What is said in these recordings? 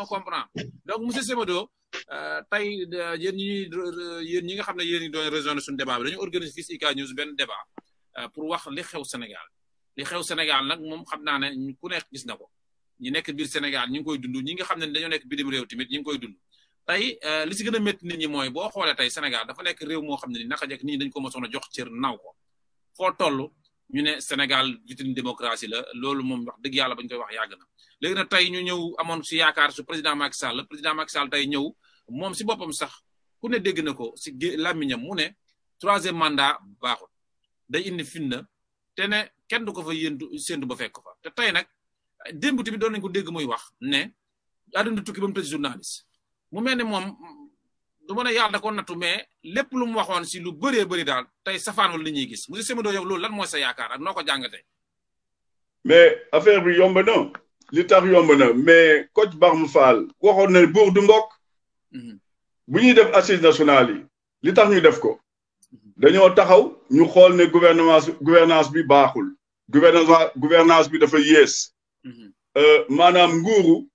on comprend donc monsieur Semedo euh, tey euh, yéen ñi yéen ñi nga xam ne yéen ñi doon raisonné suñu débat bi dañu organiser fii si IK News benn débat euh, pour wax li xew Sénégal li xew Sénégal nag moom xam naa ne ku nekk gis na ko ñi nekk biir Sénégal ñi ngi koy dund ñi nga xam ne dañoo nekk bitim réew tamit ñi ngi koy dund tey li si a métti nit ñi mooy boo xoolee tey Sénégal dafa nekk réew mo xam ne ni naka jekk nit ñi dañu ko mosoon a jox cër naw ko foo toll ñu ne Sénégal vitrine la loolu moom wax dëgg yàlla bañ koy wax yàgg na léegi nag tey ñu ñëw amoon si yaakaar su président Macky Sall président Macky Sall tey ñëw moom si boppam sax ku ne dégg na ko si làmmiñam mu ne troisième mandat baaxul day indi fitna te ne kenn ko fa yéentu séentu ba fekk fa te tey nag démb tamit doon nañu ko dégg muy wax ne àdduna tukki ba mu tëj journaliste mu du ma ne yàlla da ko nattu mais lépp lu mu waxoon si lu bëree bëri daal tey safaanul li ñuy gis monsieur Semedo yow loolu lan mooy sa yaakaar ak noo ko jàngatee. mais affaire bi yomb na li tax yomb na mais coach Barham Fall waxoon na buur du mbokk. Mhm. bu ñuy def assises nationales yi li tax ñu def ko. Mhm. dañoo taxaw ñu xool ne gouvernance gouvernance bi baaxul. gouvernance gouvernance bi dafa yées. Mhm. Euh, maanaam nguuru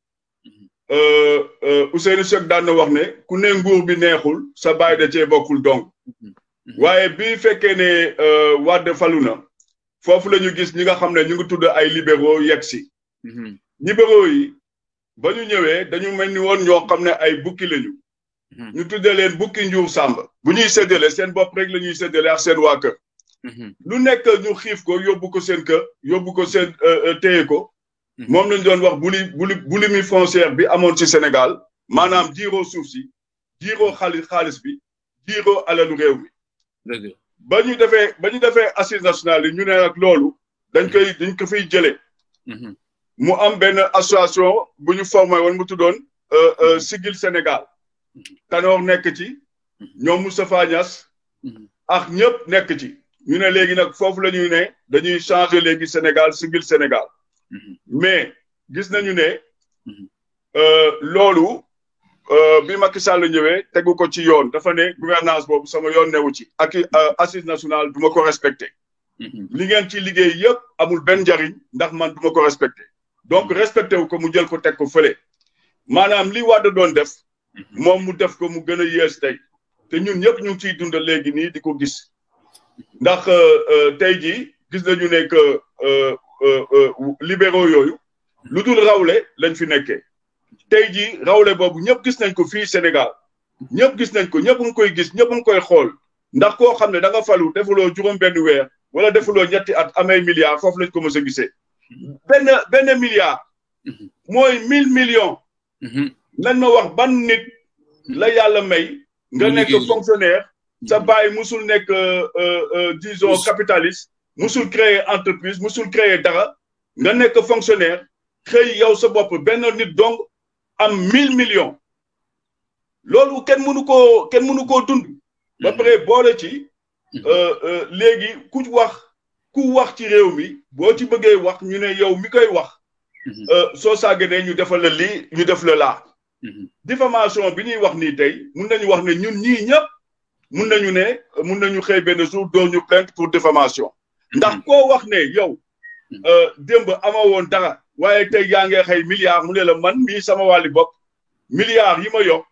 Euh, euh, Ousseynou Seck daan na wax ne ku ne nguur bi neexul sa baay da cee bokkul donc mm-hmm. waaye bi fekkee ne euh, Wade falu na foofu la ñu gis ñi nga xam ne ñu ngi tudd ay libéraux yegg si mm-hmm. libéraux yi ba ñu ñëwee dañu mel ni woon ñoo xam ne ay bukki lañu mm-hmm. ñu tuddee leen bukki njuur sàmb bu ñuy séddale seen bopp rek la ñuy séddale ak seen waa kër lu nekk ñu xiif ko yóbbu ko seen kër yóbbu ko seen téye ko Mhm. moom lañ doon wax buli buli boulimie foncière bi amoon ci Sénégal maanaam jiiroo suuf si jiiroo xali xaalis bi jiiroo alalu réew mi ba ñu defee ba ñu defee assise nationale yi ñu ne nag loolu dañ koy dañ ko fiy jëlee mhm. mu am benn buñu bu ñu formé woon mu tuddoon euh, euh, mhm. Sigil Sénégal Tanor nekk ci ñoom Moustapha Niass ak ñëpp nekk ci ñu ne léegi nag foofu la ñuy ne dañuy changer léegi Sénégal Sigil Sénégal Mm-hmm. mais gis nañu ne mm-hmm. euh, loolu euh, bi Macky Sall ñëwee tegu ko ci yoon dafa ne gouvernance boobu sama yoon newu ci ak euh, assise nationale du ma ko respecté mm-hmm. li ngeen ci liggéey yëpp amul benn njariñ ndax man du ma ko respecté donc respecté wu ko mu jël ko teg ko fële maanaam li Wade doon def moom mu def ko mu gën a yees tey te ñun ñëpp ñu ngi ciy dund léegi nii di ko gis ndax tey jii gis nañu ne que Euh, euh, libéraux yooyu lu dul rawle lañ fi nekkee te jii rawle boobu ñëpp gis nañ ko fii Sénégal ñëpp gis nañ ko ñëpp nga koy gis ñëpp koy xool ndax koo xam ne da nga falu defuloo juróom benn weer wala defuloo ñetti at amay milliards foofu lañ ko mës a gisee benn benn milliard mooy mille million mhm. nañ ma wax ban nit la yàlla may nga nekk fonctionnaire sa mhm. baay musul nekk euh, disons capitaliste musul créer entreprise musul créer dara nga nekk fonctionnaire xëy yow sa bopp benn nit dong am mille millions loolu kenn mënu koo kenn mënu koo dund. ba mm-hmm. boole ci. Mm-hmm. Euh, euh, léegi ku wax ku wax ci réew mi boo ci bëggee wax ñu ne yow mi koy wax. Mm-hmm. Euh, soo sàgganee ñu defal la lii ñu def la laa. diffamation bi ñuy wax nii tey mun nañu wax ne ñun ñii ñëpp mun nañu ne mun nañu xëy benn jour doo ñu plainte pour diffamation. ndax koo wax ne yow hmm. euh, démb amoo woon dara waaye tey yaa ngi xëy milliards mu ne la man mii sama wàlli bopp milliards yi ma yokk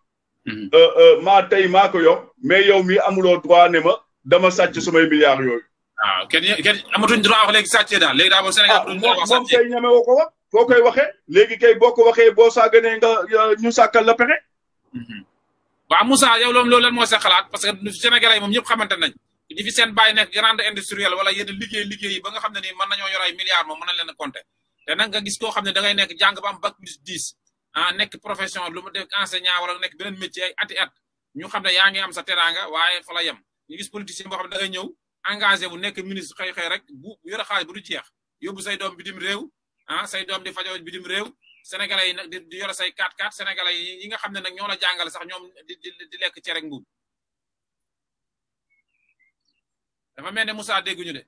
hmm. euh, euh, maa tey maa ko yokk mais yow mii amuloo droit ne ma dama sàcc hmm. sumay milliards yooyu waaw ah, kenn kenn amatuñ droit wax léegi sàccee daal léegi daal moom Sénégal ah, moom kay ñeme ko wax léegi kay boo ko waxee boo saaganee nga ñu sàkkal la pexe waaw Moussa yow loolu loolu lan moo parce que Sénégalais yi moom ñëpp xamante nañ di fi seen bàyyi nekk grande industrielle wala yenn liggéey liggéey yi ba nga xam ne ni mën nañoo yor ay milliards moom mën nañ leen compter te nag gis koo xam ne da nekk jàng ba am bac plus 10 ah, nekk profession lu enseignant wala nekk beneen métier ay ati at ñu xam ne yaa ngi am sa teraanga waaye fa la yem ñu gis politicien boo xam ne da ngay ñëw engagé bu nekk ministre xëy xëy rek bu yor xaalis bu du jeex yóbbu say doom bitim réew ah say doom di fajoo bitim réew sénégalais yi nag di yore say 4 4 sénégalais yi nga xam ne nag ñoo la jàngale sax ñoom di di lekk cere dafa mel ne Moussa dégguñu de.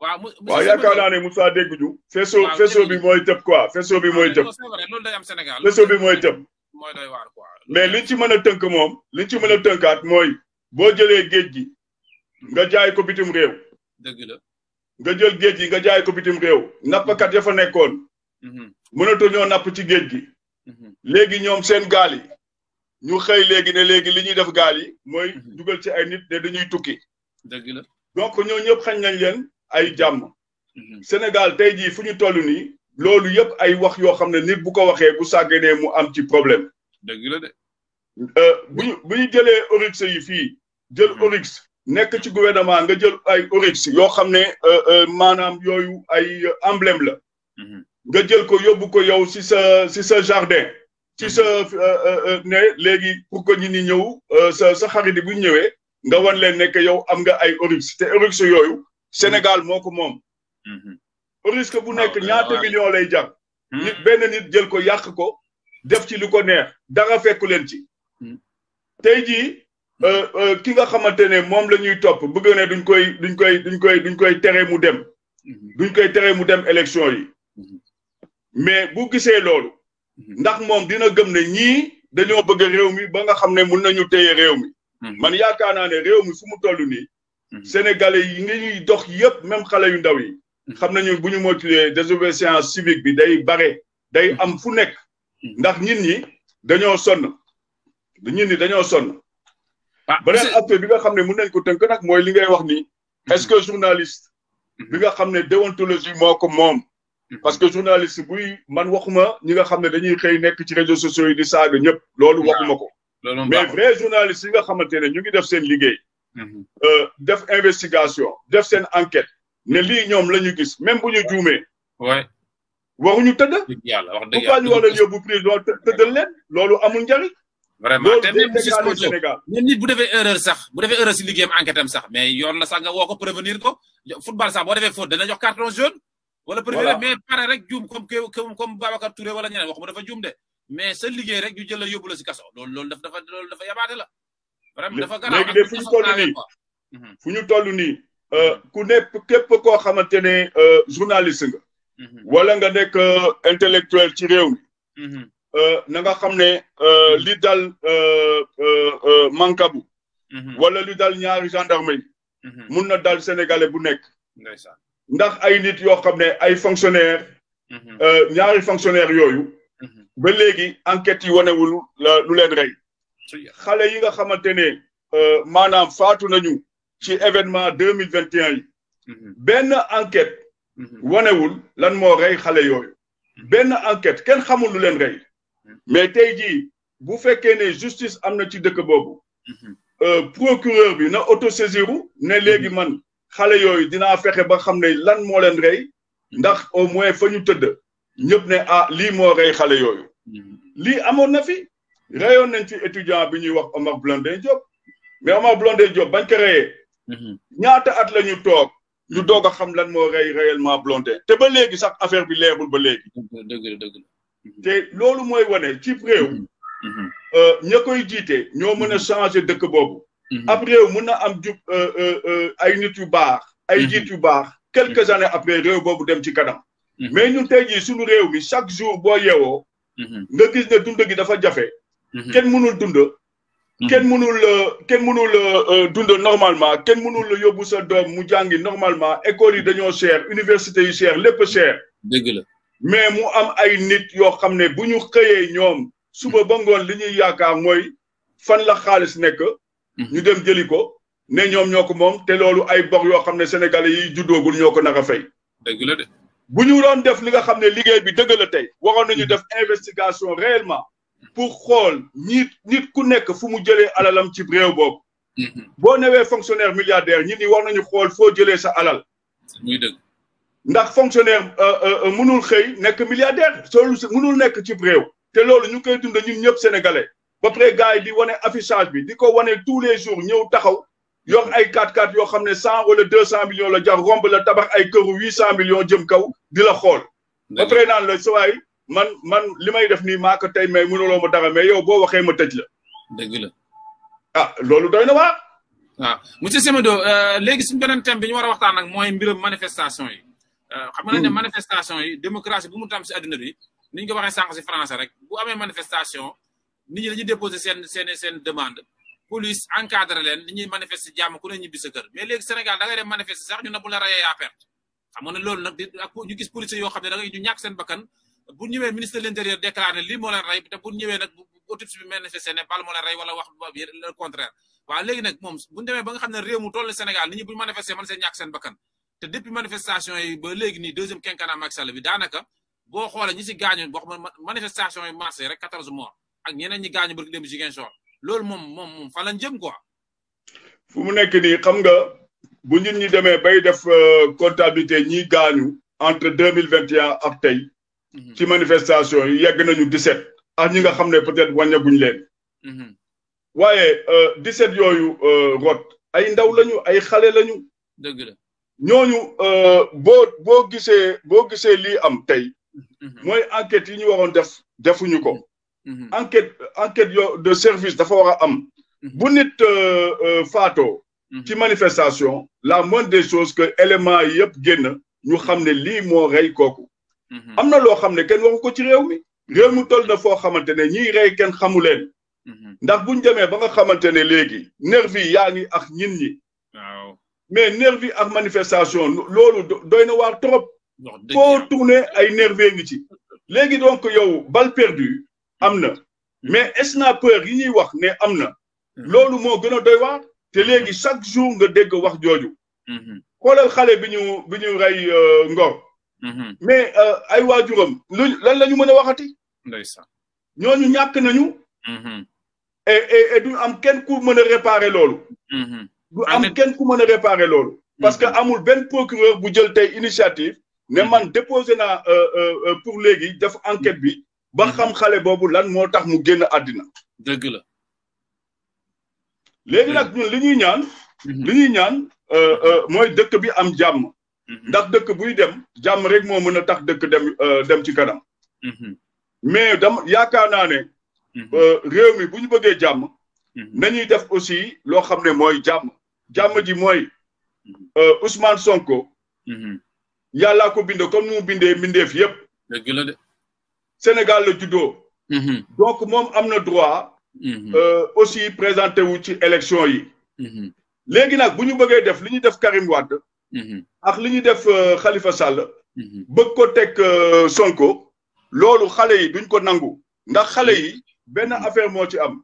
waaw waaw yaakaar dégguñu. faisceau faisceau bi mooy tëb quoi faisceau bi mooy ah, tëb. loolu day am Sénégal faisceau bi mooy tëb. mooy doy waar mais liñ ci mën a tënk moom liñ ci mën a tënkaat mooy boo jëlee géej gi nga jaay ko bitim réew. dëgg la nga jël géej gi nga jaay ko bitim réew. nappkat ya fa nekkoon. Mm-hmm. mënatu ñoo napp ci géej gi. Mm-hmm. léegi ñoom seen gaal yi ñu xëy léegi ne léegi li ñuy def gaal yi mooy mm-hmm. dugal ci ay nit ne dañuy tukki. dëgg la donc ñoo ñëpp xañ nañ leen ay jàmm. Mhm. Sénégal tey jii fu ñu toll nii. loolu yëpp ay wax yoo xam ne nit bu ko waxee bu sàgganee mu am ci problème. dëgg la de. Euh, bu ñu jëlee Oryx yi fii jël mhm. Oryx nekk ci gouvernement nga jël ay Oryx yoo xam ne euh, euh, maanaam yooyu ay emblème la. Mhm. nga jël ko yóbbu ko yow si sa si sa jardin. ci sa ne léegi pour que ñu ni ñëw sa sa xarit bu ñu ñëwee. nga wan leen ne yow am nga ay Oryx te Oryx yooyu Sénégal moo ko moom. Mhm. Oryx bu ah, nekk ñaata ah. million lay jar. Hmm? nit benn nit jël ko yàq ko def ci lu ko neex dara fekku leen ci. Hmm. tey jii euh, euh, ki nga xamante ne moom la ñuy topp bëgg duñ koy duñ koy duñ koy duñ koy tere mu dem. Hmm. duñ koy tere mu dem élection yi. mais bu gisee loolu. ndax moom dina gëm ne ñii dañoo bëgg réew mi ba nga xam ne mun nañu téye réew mi. Mhm. man yaakaar naa ne réew mi fu mu toll nii. Mhm. sénégalais yi ngi ñuy dox yëpp même xale yu ndaw yi. Mhm. xam nañu bu ñu moytuwee désobéissance civique bi day bare day am fu nekk. ndax nit ñi dañoo sonn nit ñi dañoo sonn. ah beneen aspect bi nga xam ne mu nekku ko tënk nag mooy li ngay wax ni est-ce que journaliste. bi nga xam ne déontologie moo ko moom. parce que journaliste buy man waxuma ñi nga xam ne dañuy xëy nekk ci réseaux sociaux yi di saaga ñëpp. loolu ah. waxuma ko. mais vrai journaliste nga xamante ne ñu ngi def seen liggéey. Mhm. Euh, def investigation def seen enquête ne lii ñoom la ñu gis même bu ñu juumee. waruñu tëdd. yàlla wax dëgg yàlla bu ñu war a yóbbu prison tëddal leen loolu amul njariñ. vraiment te même Sénégal mais nit bu defee erreur sax bu defee erreur si liggéeyam enquête am sax mais yoon la sax nga woo prévenir ko football sax boo defee faute dana jox carton jaune. wala prévenir mais pare rek juum comme comme Babacar wala ñeneen wax mu dafa juum de. mais sa liggéey rek ñu jël la yóbbu si kaso loolu loolu dafa dafa loolu dafa yabaate la. vraiment dafa garaaw léegi de fu ñu toll fu ñu toll nii euh, mm-hmm. ku nep képp koo xamante ne euh, journaliste nga. Mm-hmm. wala nga nekk euh, intellectuel ci réew mi. Mm-hmm. na nga xam ne li dal mankabu. wala li dal ñaari gendarme yi. mun na dal sénégalais bu nekk. ndax ay nit yoo xam ne ay fonctionnaire ñaari fonctionnaire yooyu. ba léegi enquête yi wanewul lu leen rey xale yi nga xamante ne euh, maanaam faatu nañu ci événement deux mille vingt et yi mhm. benn enquête mhm. wanewul lan moo rey xale yooyu mhm. benn enquête kenn xamul lu leen rey mais tey jii bu fekkee ne justice am na ci dëkk boobu euh, procureur bi na autosaisiru ne léegi man xale yooyu dinaa fexe ba xam ne lan moo leen rey ndax au moins fa ñu tëdd ñëpp ne ah lii moo xale yooyu hmm. lii amoon na fi reyoon nañ ci étudiant bi ñuy wax Omar Blondin Diop mais Omar Blondin Diop bañ ko reyee hmm. ñaata at la ñu toog ñu doog a xam lan moo rey réellement Blondin te ba léegi sax affaire bi leerul ba léegi dëgg dëgg hmm. te loolu mooy wane ci réew euh, ña koy jiite ñoo mën a changé dëkk boobu ab réew na am jub euh, euh, ay nit yu baax ay jiit yu baax quelques années après réew boobu dem ci kanam Mhm. mais ñu tey jii suñu réew mi chaque jour boo yeewoo. Mhm. nga gis ne dund gi dafa jafe. Mhm. kenn mënul dund. kenn mënul euh, kenn mënul euh, euh, dund normalement kenn mënul yóbbu sa doom mu jàngi normalement école yi dañoo cher université yi cher lépp cher. dëgg la mais mu am ay nit yoo xam ne bu ñu xëyee ñoom. suba ba ngoon li ñuy yaakaar mooy fan la xaalis nekk. ñu dem jëli ko ne ñoom ñoo ko moom te loolu ay bor yoo xam ne sénégalais yi juddoogul ñoo ko naka fay. dëgg de. bu ñu doon def li nga xam ne liggéey bi dëgg la tey waroon nañu def investigation réellement pour xool nit nit ku nekk fu mu jëlee alalam ci réew boobu. Mm-hmm. boo newee fonctionnaire milliardaire ñi ni war nañu xool foo jëlee sa alal. muy dëgg. ndax fonctionnaire euh, euh, euh, mënul xëy nekk milliardaire loolu mënul nekk ci réew. te loolu ñu koy dund ñun ñëpp sénégalais ba pare gars di wane affichage bi di ko wane tous les jours ñëw taxaw. yor ay 4x4 yoo xam ne 100 wala 200 millions la jar romb la tabax ay këru 800 millions jëm kaw di la xool. ba pare naan la sawaay man man li may def nii maa ko tey mais mënuloo ma dara mais yo boo waxee ma tëj la. dëgg la. ah loolu doy na waa. waaw ah, monsieur Semedo euh, léegi suñu beneen thème bi ñu war a waxtaan nag mooy mbiram manifestation yi. Euh, xam nga ne hmm. manifestation yi démocratie bu mu tam si adduna bi ni ñu ko waxee sànq si français rek bu amee manifestation ni ñi dañuy déposer seen seen seen demande. police encadré leen li ñuy manifester jàmm ku ne ñibbi sa kër mais léegi Sénégal da ngay dem manifester sax ñu ne bu la rayee yaa perte xam nga ne nag ak ñu xam ne da bu ñëwee ministre de l'intérieur déclaré lii moo rey te bu ñëwee nag autopsie bi ne bal moo rey wala wax le contraire waaw léegi nag bu ñu ba nga xam ne réew mu toll Sénégal nit ñi bu ñu manifester man seen te depuis manifestation yi ba léegi nii deuxième quinquennat Macky Sall bi daanaka boo xoolee ñi si gaañu loolu moom moom moom fa lañ jëm fu mu nekk nii xam nga bu nit ñi demee bay def euh, comptabilité ñiy gaañu entre deux mille vingt et un tey mhm. ci manifestation yi yegg nañu dix sept ak ñi nga xam ne peut être wàññeekuñ leen. Mhm. waaye euh, dix sept yooyu euh, rot ay ndaw lañu ay xale lañu. dëgg la ñooñu boo boo gisee boo gisee lii am tey. moy mhm. enquête yi ñu waroon def defuñu ko. Mm-hmm. enquête enquête yo de service dafa war a am. Mm-hmm. bu nit euh, euh, faatoo. Mm-hmm. ci manifestation la moindre des choses que élément yëpp génn ñu xam ne lii moo rey kooku. am na loo xam ne kenn waxu ko ci réew mi. réew mi toll na foo xamante ne ñiy rey kenn xamu leen. ndax buñ demee ba nga xamante ne léegi nervi yi yaa ngi ak ñin ñi. waaw mais nervi ak manifestation loolu doy na waar trop. foo tourné ay nervi ngi ci. léegi donc yow bal perdu am na mais snapeur yi ñuy wax ne am na mhm. loolu moo gën a doy te léegi chaque jour nga dégg wax jooju mhm. xoolal xale bi ñu bi ñu rey euh, ngor mhm. mais euh, ay waajuram lu lan la ñu mën a waxati ndeysaan ñooñu ñàkk nañu et du am kenn ku mën a réparer loolu du am kenn ku mën a réparer loolu parce que amul benn procureur bu jël tey initiative ne man déposé naa euh, pour léegi def enquête bi ba xam xale boobu lan moo tax mu génn àddina. dëgg la. léegi nag ñun li ñuy ñaan. Mhm. li ñuy ñaan euh, euh, mooy dëkk bi am jàmm. Mhm. ndax dëkk buy dem jàmm rek moo mën a tax dëkk dem euh, dem ci kanam. Mhm. mais da yaakaar naa ne. réew mi bu ñu bëggee jàmm. nañuy def aussi loo xam ne mooy jàmm. jàmm ji mooy Ousmane Sonko. yàllaa ko bindee comme ni mu bindee mbindeef yëpp. Sénégal la juddoo. Mhm. donc moom am na droit. Mhm. Euh, aussi présenté wu ci élection yi. Mhm. léegi nag bu ñu bëggee def li ñu def Karim Wade. ak li ñu def euh, Khalifa Sall. bëgg ko teg euh, Sonko. loolu xale yi duñ ko nangu. ndax xale yi benn affaire moo ci am.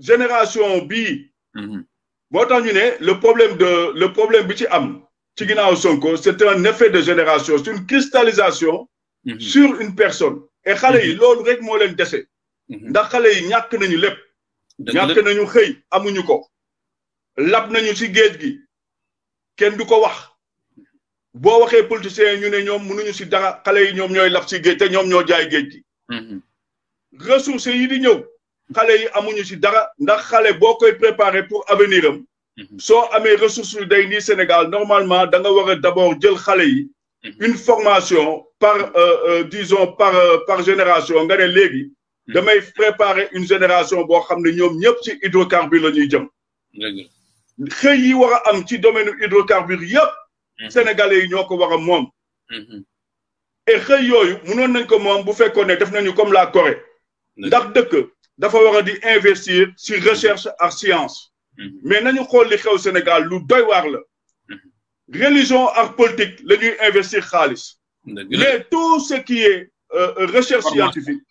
génération bii. moo tax ñu ne le problème de le problème bi ci am. ci ginnaaw Sonko c'est un effet de génération c'est une cristallisation. Mhm. sur une personne. et xale yi mhm. loolu rek moo leen dese. Mhm. ndax xale yi ñàkk nañu lépp. ñàkk nañu xëy amuñu ko. lab nañu si géej gi kenn du ko wax boo waxee politiciens ñu ne ñoom mënuñu si dara xale yi ñoom ñooy lab ci géej te ñoom ñoo jaay géej gi. ressources yi di ñëw xale yi amuñu si dara ndax xale boo koy préparer pour avenir am. soo amee ressources yu day nii Sénégal normalement da nga war a d'abord jël xale yi. Mm-hmm. une formation par euh, euh, disons par euh, par génération nga ne léegi. Mm-hmm. damay préparer une génération boo xam ne ñoom ñëpp ci hydrocarbure la ñuy jëm. xëy yi am ci domaine hydrocarbure yëpp. Mm-hmm. sénégalais yi ñoo ko war a moom. et xëy yooyu mënoon nañ ko moom bu fekkoon ne def nañu comme la Corée. ndax dëkk dafa war a di investir si recherche ak science. mais nañu xool li xew Sénégal lu doy waar la. religion ak politique la ñuy investir xaalis le tout ce qui est euh, euh, recherche scientifique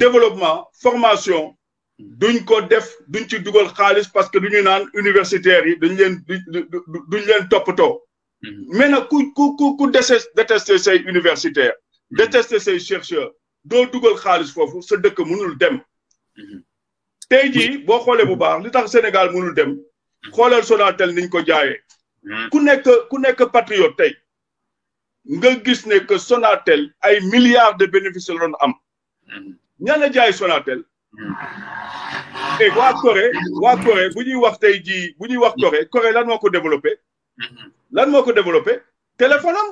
développement formation duñ ko def duñ ci dugal xaalis parce que duñu naan universitaires yi dañ leen duñ leen toppatoo mhm. mais nag ku ku ku ku dese détester say universitaires mhm. détester say chercheurs doo dugal xaalis foofu sa dëkk mënul dem mhm. tey jii boo xoolee bu baax li tax Sénégal mënul dem xoolal Sonatel niñ ko jaayee Hmm. ku nekk ku nekk patriote tey nga gis ne que Sonatel ay milliards de bénéfices la doon am hmm. ñana jaay Sonatel e waa Corée wa Corée bu ñuy wax tey jii bu ñuy wax Corée Corée lan moo ko développé lan moo ko développé téléphone am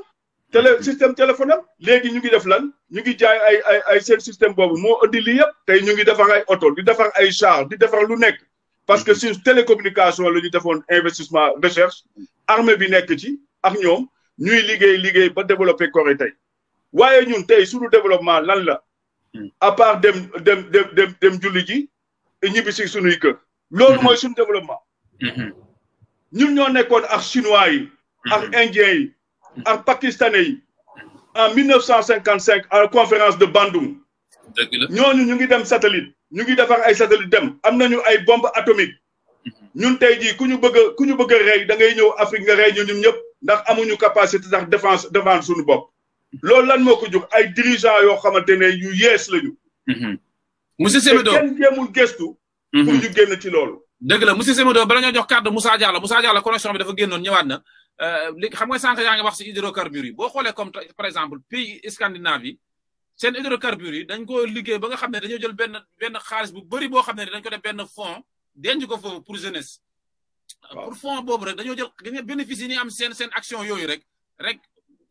télé système téléphone am léegi ñu ngi def lan ñu ngi jaay ay ay ay seen système boobu moo indi lii yëpp tey ñu ngi defar ay oto di defar ay char di defar lu nekk parce que sur télécommunication la ñu defoon investissement recherche armée bi nekk ci ak ñoom ñuy liggéey liggéey ba développé Corée tey waaye ñun tey suñu développement lan la hmm. à part dem dem dem dem julli ji ñibbi si suñuy kër. loolu hmm. mooy suñu développement. Hmm. ñun ñoo nekkoon ak chinois yi. ak indiens yi. ak pakistanais yi. en 1955 à la conférence de Bandung. ñoo ñu ngi dem satellite. ñu ngi defar ay satellite dem am nañu ay bombe atomique. Mhm. ñun tey jii ku ñu bëgg ku ñu bëgg a rey da ngay ñëw Afrique nga rey ñu ñun ñëpp ndax amuñu capacité sax défense défense suñu bopp. Mhm. lool lan moo ko jóg ay dirigeants yoo xamante ne yu yees lañu. Mhm. monsieur Semedo kenn jéemul gëstu. pour ñu génn ci loolu. dëgg la monsieur Semedo bala ñoo jox kàddu Moussa Diallo Moussa Diallo connexion bi dafa génnoon ñëwaat na euh, li xam nga sànq yaa ngi wax si hydrocarbures yi boo xoolee comme par exemple pays Scandinave yi seen hydrocarbures yi dañ ko liggéey ba nga xam ne dañoo jël benn benn xaalis bu bëri boo xam ne dañ ko def benn fonds denc ko foofu pour jeunesse. pour fond boobu rek dañoo jël dañoo bénéfice yi ñuy am seen seen action yooyu rek rek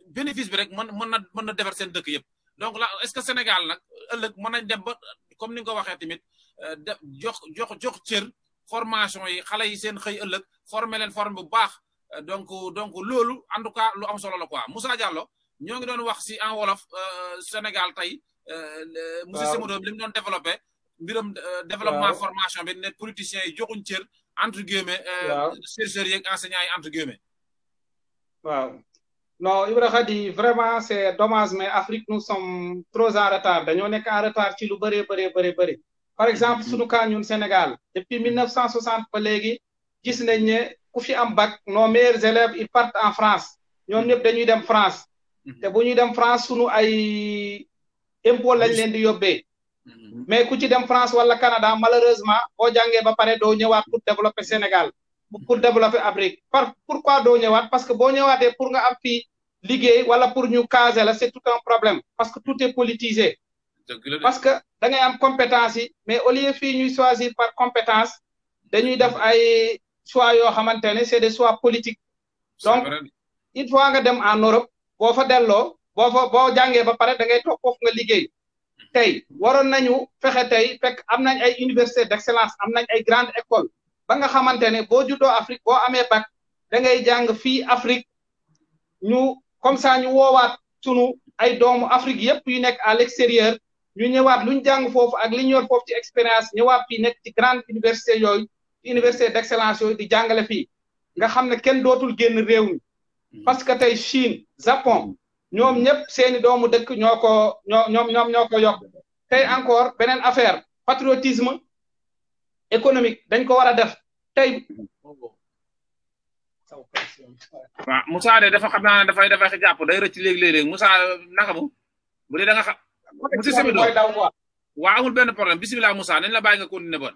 bénéfice bi rek mën mën na mën na defar seen dëkk yëpp. donc la est-ce que Sénégal nag ëllëg mën nañ dem ba comme ni nga ko waxee tamit euh, de jox jox jox cër formation yi xale yi seen xëy ëllëg former leen forme bu baax euh, donc donc loolu en tout cas lu am solo la quoi Moussa Diallo ñoo ngi doon wax si en wolof euh, Sénégal tey. monsieur Semodo li mu doon développé. mbiram euh, développement formation bi ne politiciens yi joxuñ cër entre guillemets. Euh, waaw chercheurs yeeg enseignants yi entre guillemets. waaw non Ibra Khady vraiment c' est dommage mais Afrique nous sommes trop en retard dañoo nekk en retard ci lu bëree bëree bëri bëri. par exemple sunu cas ñun Sénégal depuis 1960 ba léegi gis nañ ne ku fi am bac nos meilleurs élèves ils partent en France ñoom ñëpp dañuy dem France. Mhm. te bu ñuy dem France sunu ay impôt lañ leen di yóbbee. mais ku ci dem France wala Canada malheureusement boo jàngee ba pare doo ñëwaat pour développer Sénégal pour développer Afrique par pourquoi doo ñëwaat parce que boo ñëwaatee pour nga am fii liggéey wala pour ñu caser la c'est tout problème parce que tout est politisé. parce que da ngay am compétence yi mais au lieu fii ñuy choisir par compétence dañuy def ay choix yoo xamante ne c'est des soit politiques. donc il fois nga dem en Europe boo fa delloo boo fa boo jàngee ba pare da ngay toog foofu nga liggéey. tey waroon nañu fexe tey fekk am nañ ay université d'excellence am nañ ay grande école ba nga xamante ne boo juddoo Afrique boo amee bac da ngay jàng fii Afrique ñu comme ça ñu woowaat sunu ay doomu Afrique yépp yu nekk à l'extérieur ñu ñëwaat lu ñu jàng foofu ak li ñu yor foofu ci expérience ñëwaat fii nekk ci grande université yooyu université d'excellence yooyu di jàngale fii nga xam ne kenn dootul génn réew mi hmm. parce que tey Chine Japon ñoom ñëpp seeni doomu dëkk ñoo ko ñoo ñoom tey encore beneen affaire patriotisme économique dañ ko war a def tey. waaw Moussa de dafa xam naa ne dafay dafay jàpp day rëcc léeg-léeg Moussa naka mu bu dee da nga xam. monsieur Semedo waaw amul benn problème la bàyyi nga continuer bon.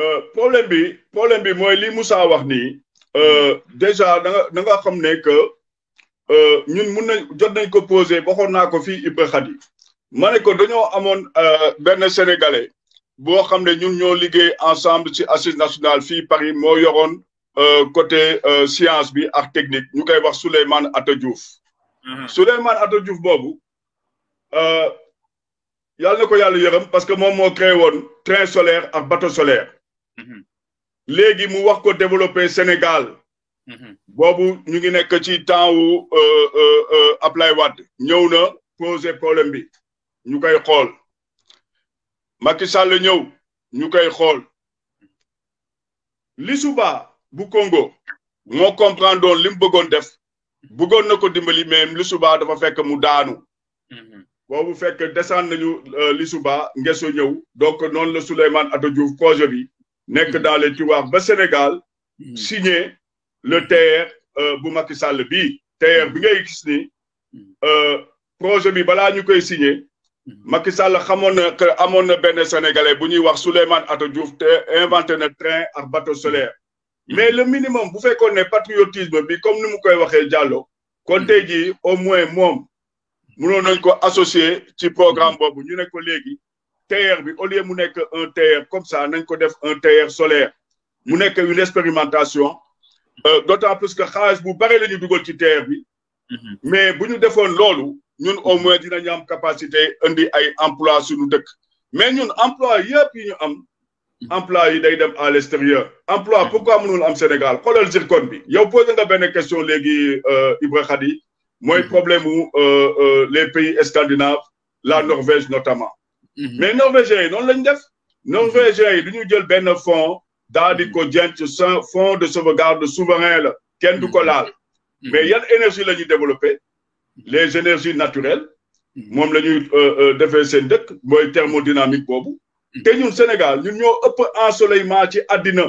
Euh, problème bi problème bi mooy li musa wax nii euh, déjà da nga da nga Euh, ñun mun na jot nañ ko posé waxoon naa ko fii Ibra Khady ma ne ko dañoo amoon euh, benn sénégalais boo xam ne ñun ñoo liggéey ensemble si assise nationale fii Paris moo yoroon euh, côté science bi ak technique ñu koy wax Souleymane Atta Diouf mhm. Souleymane ata Diouf boobu yàlla na ko yàlla yërëm parce que moom moo créé woon train solaire ak bateau solaire mhm. léegi mu wax ko développer Sénégal Mhm. boobu ñu ngi nekk ci temps wu euh, euh, euh, Ablaye Wade ñëw na poser problème bi ñu koy xool Macky Sall ñëw ñu koy xool Lissouba bu Congo moo comprendre doon li mu bëggoon def bëggoon na ko dimbali mais Lissouba dafa fekk mu daanu mhm. boobu fekk descend nañu Lissouba Ngeso ñëw donc noonu la Souleymane Ata Diouf projet bi nekk mhm. dans les tiroirs ba Sénégal signé le TER euh, bu Macky Sall bii TER bi ngay gis ni hmm. euh, projet bi balaa ñu koy signé hmm. Macky Sall xamoon na que amoon na benn sénégalais bu ñuy wax Souleymane Ato Diouf te inventé na train ak solaire hmm. mais le minimum bu fekkoon ne patriotisme bi comme ni mu koy waxee Diallo kon tey jii au moins moom mënoon nañ ko associé ci programme boobu ñu ne ko léegi terre bi au lieu mu nekk un TER comme ça nañ ko def un TER solaire mu nekk une expérimentation Euh, d'autant plus que xaalis bu bare la ñu dugal ci terre bi. Mhm. mais bu ñu defoon loolu ñun au moins dinañu am capacité andi ay emploi suñu dëkk. mais ñun emploi yëpp yi ñu am. Mhm. emploi yi day dem à l'extérieur. emploi mhm. pourquoi mënul am Sénégal xoolal zircon bi. yow posé nga benn question léegi euh, Ibra Khady mooy problème mu euh, les pays scandinaves la Norvège notamment mais norvégiens yi noonu lañu def. norvégiens yi du ñu jël benn fonds. daal di ko jenc sans fonds de sauvegarde souverain la kenn du ko mm-hmm. laal mm-hmm. mais yan énergie la ñuy développé les énergies naturelles mm-hmm. moom la ñuy euh, euh, defee seen dëkk mooy thermodynamique boobu te ñun Sénégal ñun ñoo ëpp ensoleillement ci àddina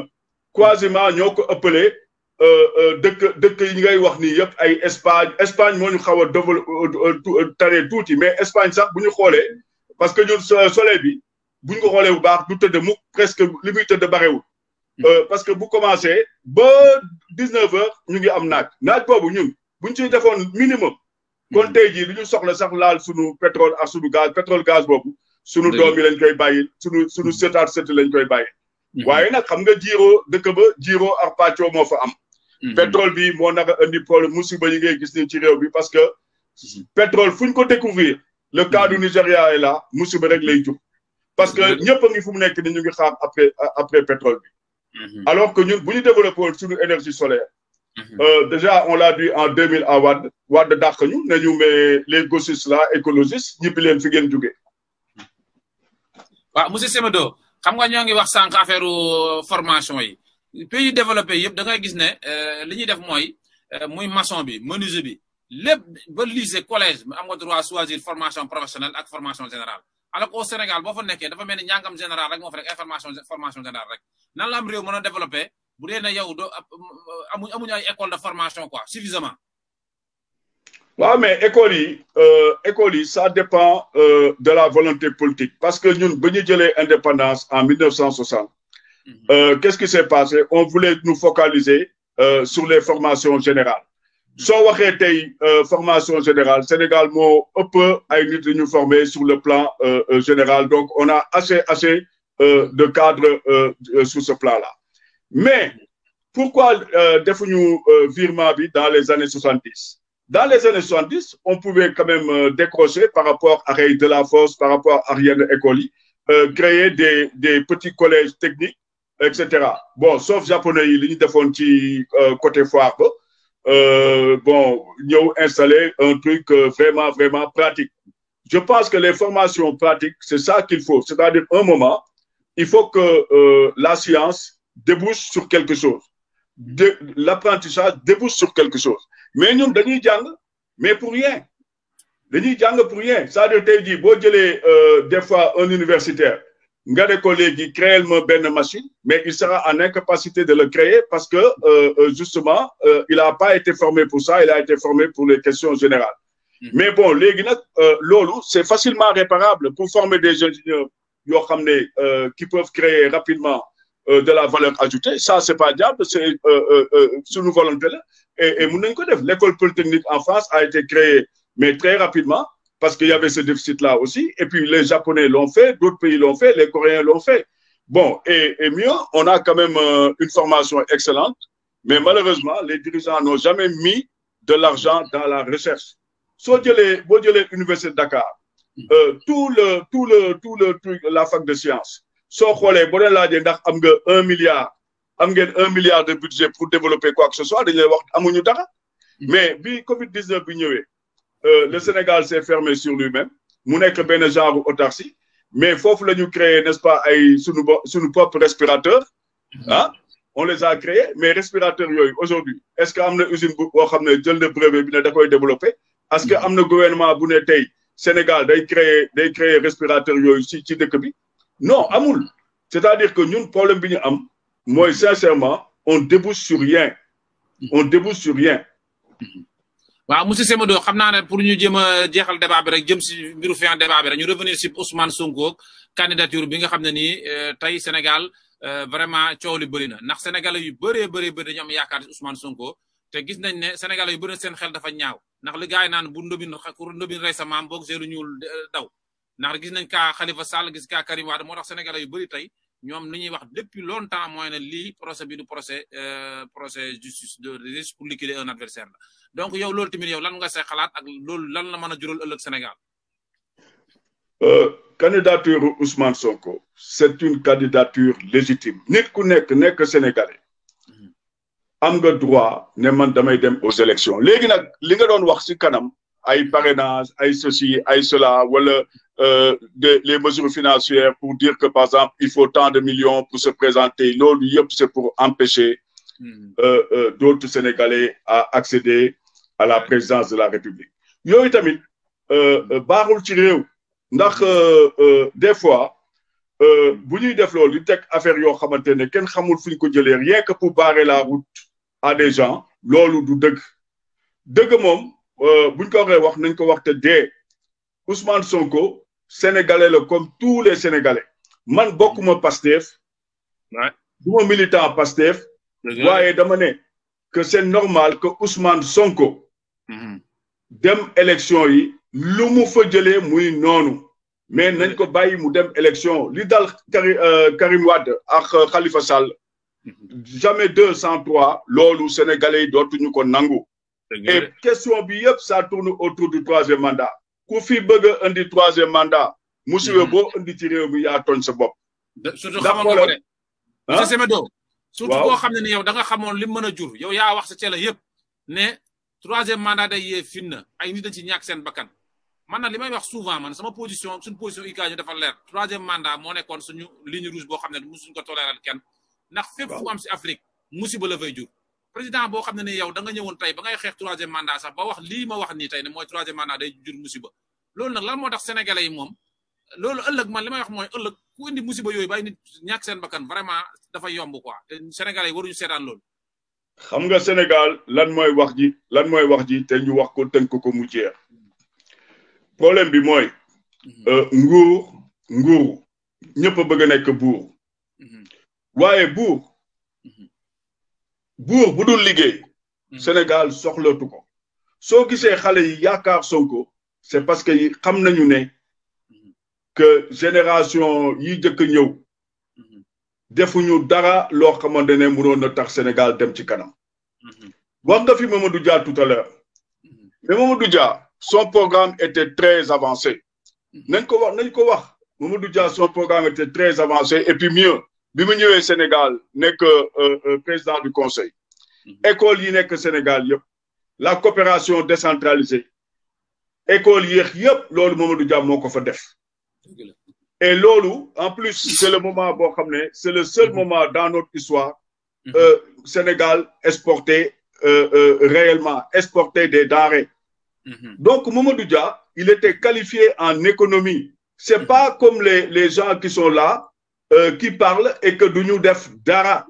quasiment ñoo ko ëppalee euh, dëkk dëkk yi ngay wax nii yëpp ay Espagne Espagne moo ñu xaw a développé taree tuuti mais Espagne sax bu ñu xoolee parce que ñun soleil bi bu ñu ko xoolee bu baax du tëdd mukk presque li muy tëdd barewul Euh, parce que bu commencé ba 19 heures ñu ngi am naaj. naaj boobu ñun buñ ciy defoon minimum. kon hmm. tey jii lu ñu soxla sax laal sunu pétrole a sunu gaz pétrole gaz boobu. sunu doom yi lañ koy bàyyi sunu sunu hmm. sëtaat sëti lañ koy bàyyi. Hmm. waaye nag xam nga jiiroo dëkk ba jiiroo a pàccoo moo fa am. pétrole bi moo a indi problème musiba yi ngay gis ni ci réew bi parce que pétrole fu ko découvrir le cas du Nigéria est la musiba rek lay jub parce que ñëpp a ngi fu mu nekk ni ñu ngi xaar après après pétrole bi. Mm-hmm. alors que ñun bu ñu développé woon suñu énergie solaire. Mm-hmm. Euh, déjà on l'a dit en 2000 mille Wade Wade dàq ñu ne ñu mais les gauchistes là écologistes ñibbi leen fi ngeen jógee. waaw monsieur Semedo xam nga ñoo ngi wax sànq affaire formation yi pays yu développé yëpp da ngay gis ne euh, li ñuy def mooy euh, muy maçon bi menuisier bi lépp ba lycée collège am nga droit choisir formation professionnelle ak formation général alors qu'au Sénégal boo fa nekkee dafa mel ni njàngam général rek moo fa rek information formation générale rek nan la am réew a développé bu dee ne yow doo amuñ ay école de formation quoi suffisamment. waaw mais école yi euh, école yi ça dépend euh, de la volonté politique parce que ñun ba ñu jëlee indépendance en 1960. Mhm. Euh, qu'est-ce qui s'est passé on voulait nous focaliser sur les formations générales. soo waxee tey euh, formation générale Sénégal moo ëpp ay nit ñu formé sur le plan euh, euh, général donc on a assez assez de cadre sur ce plan là mais pourquoi defuñu virement bi dans les années soixante-dix dans les années soixante-dix on pouvait quand même décrocher par rapport à Ray Delafosse par rapport à yenn écoles yi créer des des petits collèges techniques et cetera bon sauf japonais yi li ñu defoon ci côté foire euh, bon, nous installer un truc euh, vraiment, vraiment pratique. Je pense que les formations pratiques, c'est ça qu'il faut. C'est-à-dire, un moment, il faut que euh, la science débouche sur quelque chose. L'apprentissage débouche sur quelque chose. Mais nous, nous jang, mais pour rien. Nous jang pour rien. Ça veut dire, des fois, un universitaire, nga ne ko léegi créel benn machine mais il sera en incapacité de le créer parce que euh, euh justement euh, il a pas été formé pour ça il a été formé pour les questions générales mm-hmm. mais bon léegi nag euh, loolu c'est facilement réparable pour former des ingénieurs yoo xam ne qui peuvent créer rapidement de la valeur ajoutée ça c'est pas diable c'est suñu volonté la et, et mun nañu ko def l'école polytechnique en France a été créée mais très rapidement parce qu'il y avait ce déficit-là aussi. Et puis les Japonais l'ont fait, d'autres pays l'ont fait, les Coréens l'ont fait. Bon, et, et, mieux, on a quand même euh, une formation excellente, mais malheureusement, les dirigeants n'ont jamais mis de l'argent dans la recherche. Soit l'Université de Dakar, euh, tout le, tout le, tout le truc, la fac de sciences, soo xoolee boo leen laajee ndax am nga un milliard am ngeen un milliard de budget pour développer quoi que ce soit dañu lay wax amuñu dara mm-hmm. mais bi Covid bi ñëwee Euh, le Sénégal s'est fermé sur lui-même mu nekk benn genre autarcie mais foofu la ñu créé n'est-ce pas ay suñu suñu propre respirateur ah on les a mais respirateur yooyu aujourd'hui est-ce que am na usine bu boo xam ne jël na brevet bi ne da koy développé est-ce que am na gouvernement bu ne tey Sénégal day créer day créer respirateur yooyu ci ci dëkk bi non amul c'est-à-dire que ñun problème bi ñu am mooy sincèrement on débouche sur rien on débouche sur rien waaw monsieur Semedo xam naa ne pour ñu jéem a jeexal débat bi rek jëm si mbiru fin débat bi rek ñu revenir si Ousmane Sonko candidature bi nga xam ne nii euh, tey Sénégal euh, vraiment coow li bëri na ndax sénégalais yu bëree bëree bëri dañu am yaakaar si Ousmane Sonko te gis nañ ne sénégalais yu bëri seen xel dafa ñaw ndax li gars yi naan bu ndobin ku ndobin rey sa maam boog seeru ñuul daw ndax gis nañ kaa a Sall gis kaa Karim Wade moo tax sénégalais yu bëri tey ñoom li ñuy wax depuis longtemps temps ne lii procès bi du procès euh, procès justice de justice pour liquider un adversaire donc yow loolu tamit yow lan nga say xalaat ak loolu lan la mën a jural ëllëg Sénégal. Euh, candidature Ousmane Sonko c'est une candidature légitime nit ku nekk nekk sénégalais mm-hmm. am nga droit ne man damay dem aux élections léegi nag li nga doon wax ci kanam ay parrainage ay ceci ay sola wala euh, de, les mesures financières pour dire que, par exemple, il faut tant de millions pour se présenter. L'autre, c'est pour empêcher mm. euh, euh, d'autres Sénégalais à accéder à la présidence de la République. Yo itamit, euh, barul ci réew ndax euh, euh, des fois bu ñuy def loolu di teg affaire yoo xamante ne kenn xamul fi ñu ko jëlee rien que pour barrer la route à des gens loolu du dëgg dëgg moom buñ ko waxee wax nañ ko wax te dee Ousmane Sonko sénégalais la comme tout les sénégalais man bokkuma Pastef du ma militant Pastef waaye dama ne que c'est normal que Ousmane Sonko mhm. dem élection yi lu mu fa jëlee muy noonu mais nañ ko bàyyi mu dem élection li dal euh, Karim Wade ak Khalifa Sall mhm. jamais deux cent trois loolu sénégalais yi dootuñu ko nangu et question bi yëpp ça tourne autour du troisième mandat ku fi bëgg a indi troisième mandat. musiba mm-hmm. boo indi ci réew mi yaa tooñ sa bopp. surtout xamoon nga ko de. monsieur Semedo. surtout boo xam ne ni yow da nga xamoon li mën a jur yow yaa wax sa ceela yëpp. ne troisième mandat day yee fitna ay nit dañ ci ñàkk seen bakkan. man nag li wax souvent man sama position suñu position UCAD ñu dafa leer troisième mandat moo nekkoon suñu ligne rouge boo xam ne mosuñ ko toléral kenn. ndax fépp fu am si Afrique musiba la fay jur. président bo xam ne ne yow da nga ñëwoon tey ba ngay xeex troisième mandat sax ba wax lii ma wax nii tey ne mooy troisième mandat day jur musiba loolu nag lan moo tax sénégalais yi moom loolu ëllëg man li may wax mooy ëllëg ku indi musiba yooyu bay nit ñàkk seen bakkan vraiment dafa yomb quoi te sénégalais yi waruñu seetaan loolu xam nga sénégal lan mooy wax ji lan mooy wax ji te ñu wax ko tënk ko mu jeex problème bi mooy mhm. euh, nguur nguur ñëpp a bëgg a nekk buur mhm. waaye buur bu dul liggéey. Hmm. Sénégal soxlatu ko. soo gisee xale yi yaakaar Sonko c'est parce que xam nañu ne que génération yi jëkk ñëw hmm. defuñu dara loo xamante ne mënoon na tax Sénégal dem ci kanam. Hmm. wax nga fi ma Dia tout à l'heure mais Mamadou Dia son programme était très avancé. nañ ko wax nañ ko wax Mamadou Dia son programme était très avancé et mieux. bi mu ñëwee Sénégal nekk euh, euh, président du conseil mm-hmm. école yi nekk Sénégal yëpp la coopération décentralisée école yéex yëpp loolu Mamadou Dia moo ko fa def et loolu en plus c'est le moment boo xam ne c'est le seul mm-hmm. moment dans notre histoire mm-hmm. euh, Sénégal exporté réellement exporté des denrées donc Mamadou Dia il était qualifié en économie c'est pas comme les les gens qui sont là Euh, qui parle et que du ñu def dara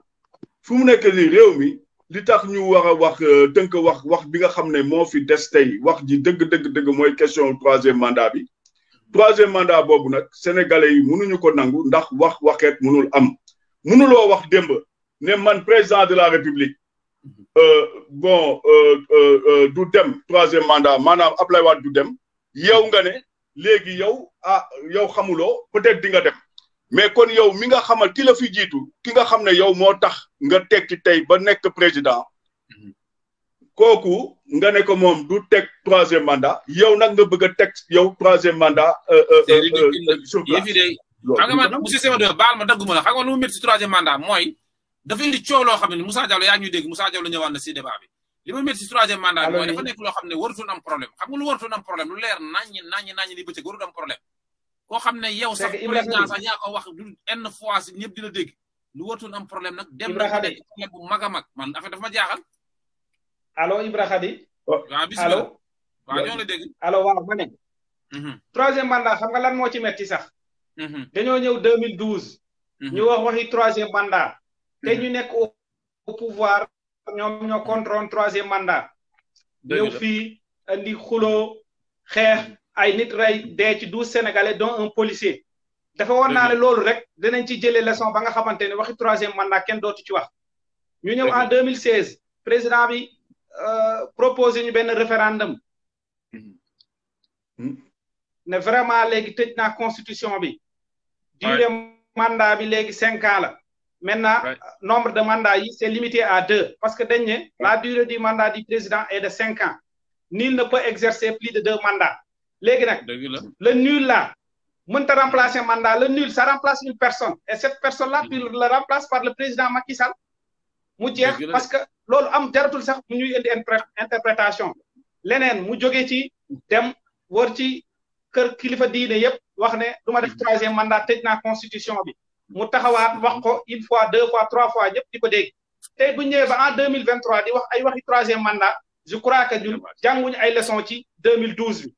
fu mu nekk ni réew mi li tax ñu war a wax euh, tënk wax wax bi nga xam ne moo fi des tey wax ji dëgg dëgg dëgg mooy question troisième mandat bi troisième mandat boobu nag sénégalais yi mënuñu ko nangu ndax wax waxeet mënul am mënuloo wax démb ne man président de la république euh, bon du dem troisième mandat maanaam Ablaye Wade du dem yow nga ne léegi yow ah yow xamuloo peut-être di nga dem mais kon yow mi nga xamal ki la fi jiitu ki nga xam ne yow moo tax nga tekki tey ba nekk président mhm. kooku nga ne ko moom du teg troisième mandat yow nag nga bëgg a teg yow troisième mandat. Euh, euh, c'est euh, ridicule xam nga man monsieur Sémédiaoune baal ma dagguma la xam nga lu mu métti si troisième mandat mooy dafa indi coow loo xam ne Moussa Diallo yaa ngi ñuy dégg Moussa Diallo ñëwaat na si débat bi. li ma métti si troisième mandat bi mooy dafa nekk loo xam ne warutoon am problème xam nga lu warutoon am problème lu leer naññi naññi naññi li bëccëg warut am problème. koo xam ne yow sax président sax yaa ko wax du fois si ñëpp dina dégg lu wartoon am problème nag dem na problème mag a mag man affaire dafa ma jaaxal allo Ibra Khady oh. waaw bisimilah waaw ñoo la dégg allo waaw ma ne mhm. troisième mandat xam nga lan moo ci metti sax mhm. dañoo ñëw 2012 mhm. ñu wax waxi troisième mandat te ñu nekk au pouvoir ñoom ñoo contrôle troisième mandat ñëw fii andi xuloo xeex ay nit rey dee ci douze sénégalais dont un policier. dafa war naa ne mhm. loolu rek danañ ci jëlee leçon ba nga xamante ne waxi troisième mandat kenn dootu ci wax. ñu ñëw en 2016 mhm. président bi euh, proposé ñu benn référendum. Mhm. ne vraiment léegi tëj naa constitution bi. durée mandat bi léegi cinq ans la. maintenant nombre de mandats yi c' est limité à deux parce que dañ ne la durée du mandat du président est de cinq ans. nul ne peut exercer plus de deux mandats. léegi nag le nul la mënta remplacer mandat le nul ça remplace une personne et cette personne là puis mm-hmm. la remplace par le président Macky mu jeex parce que loolu am jaratul sax mu ñuy indi interprétation leneen mu jóge ci dem wër ci kër kilifa diine yépp wax ne du ma def mm-hmm. troisième mandat tëj naa constitution bi mu taxawaat wax ko une fois deux fois trois fois ñëpp di ko dégg tey bu ñëwee ba en deux mille vingt trois di wax ay waxi troisième mandat je crois que ñun jànguñu ay leçon ci deux mille douze bi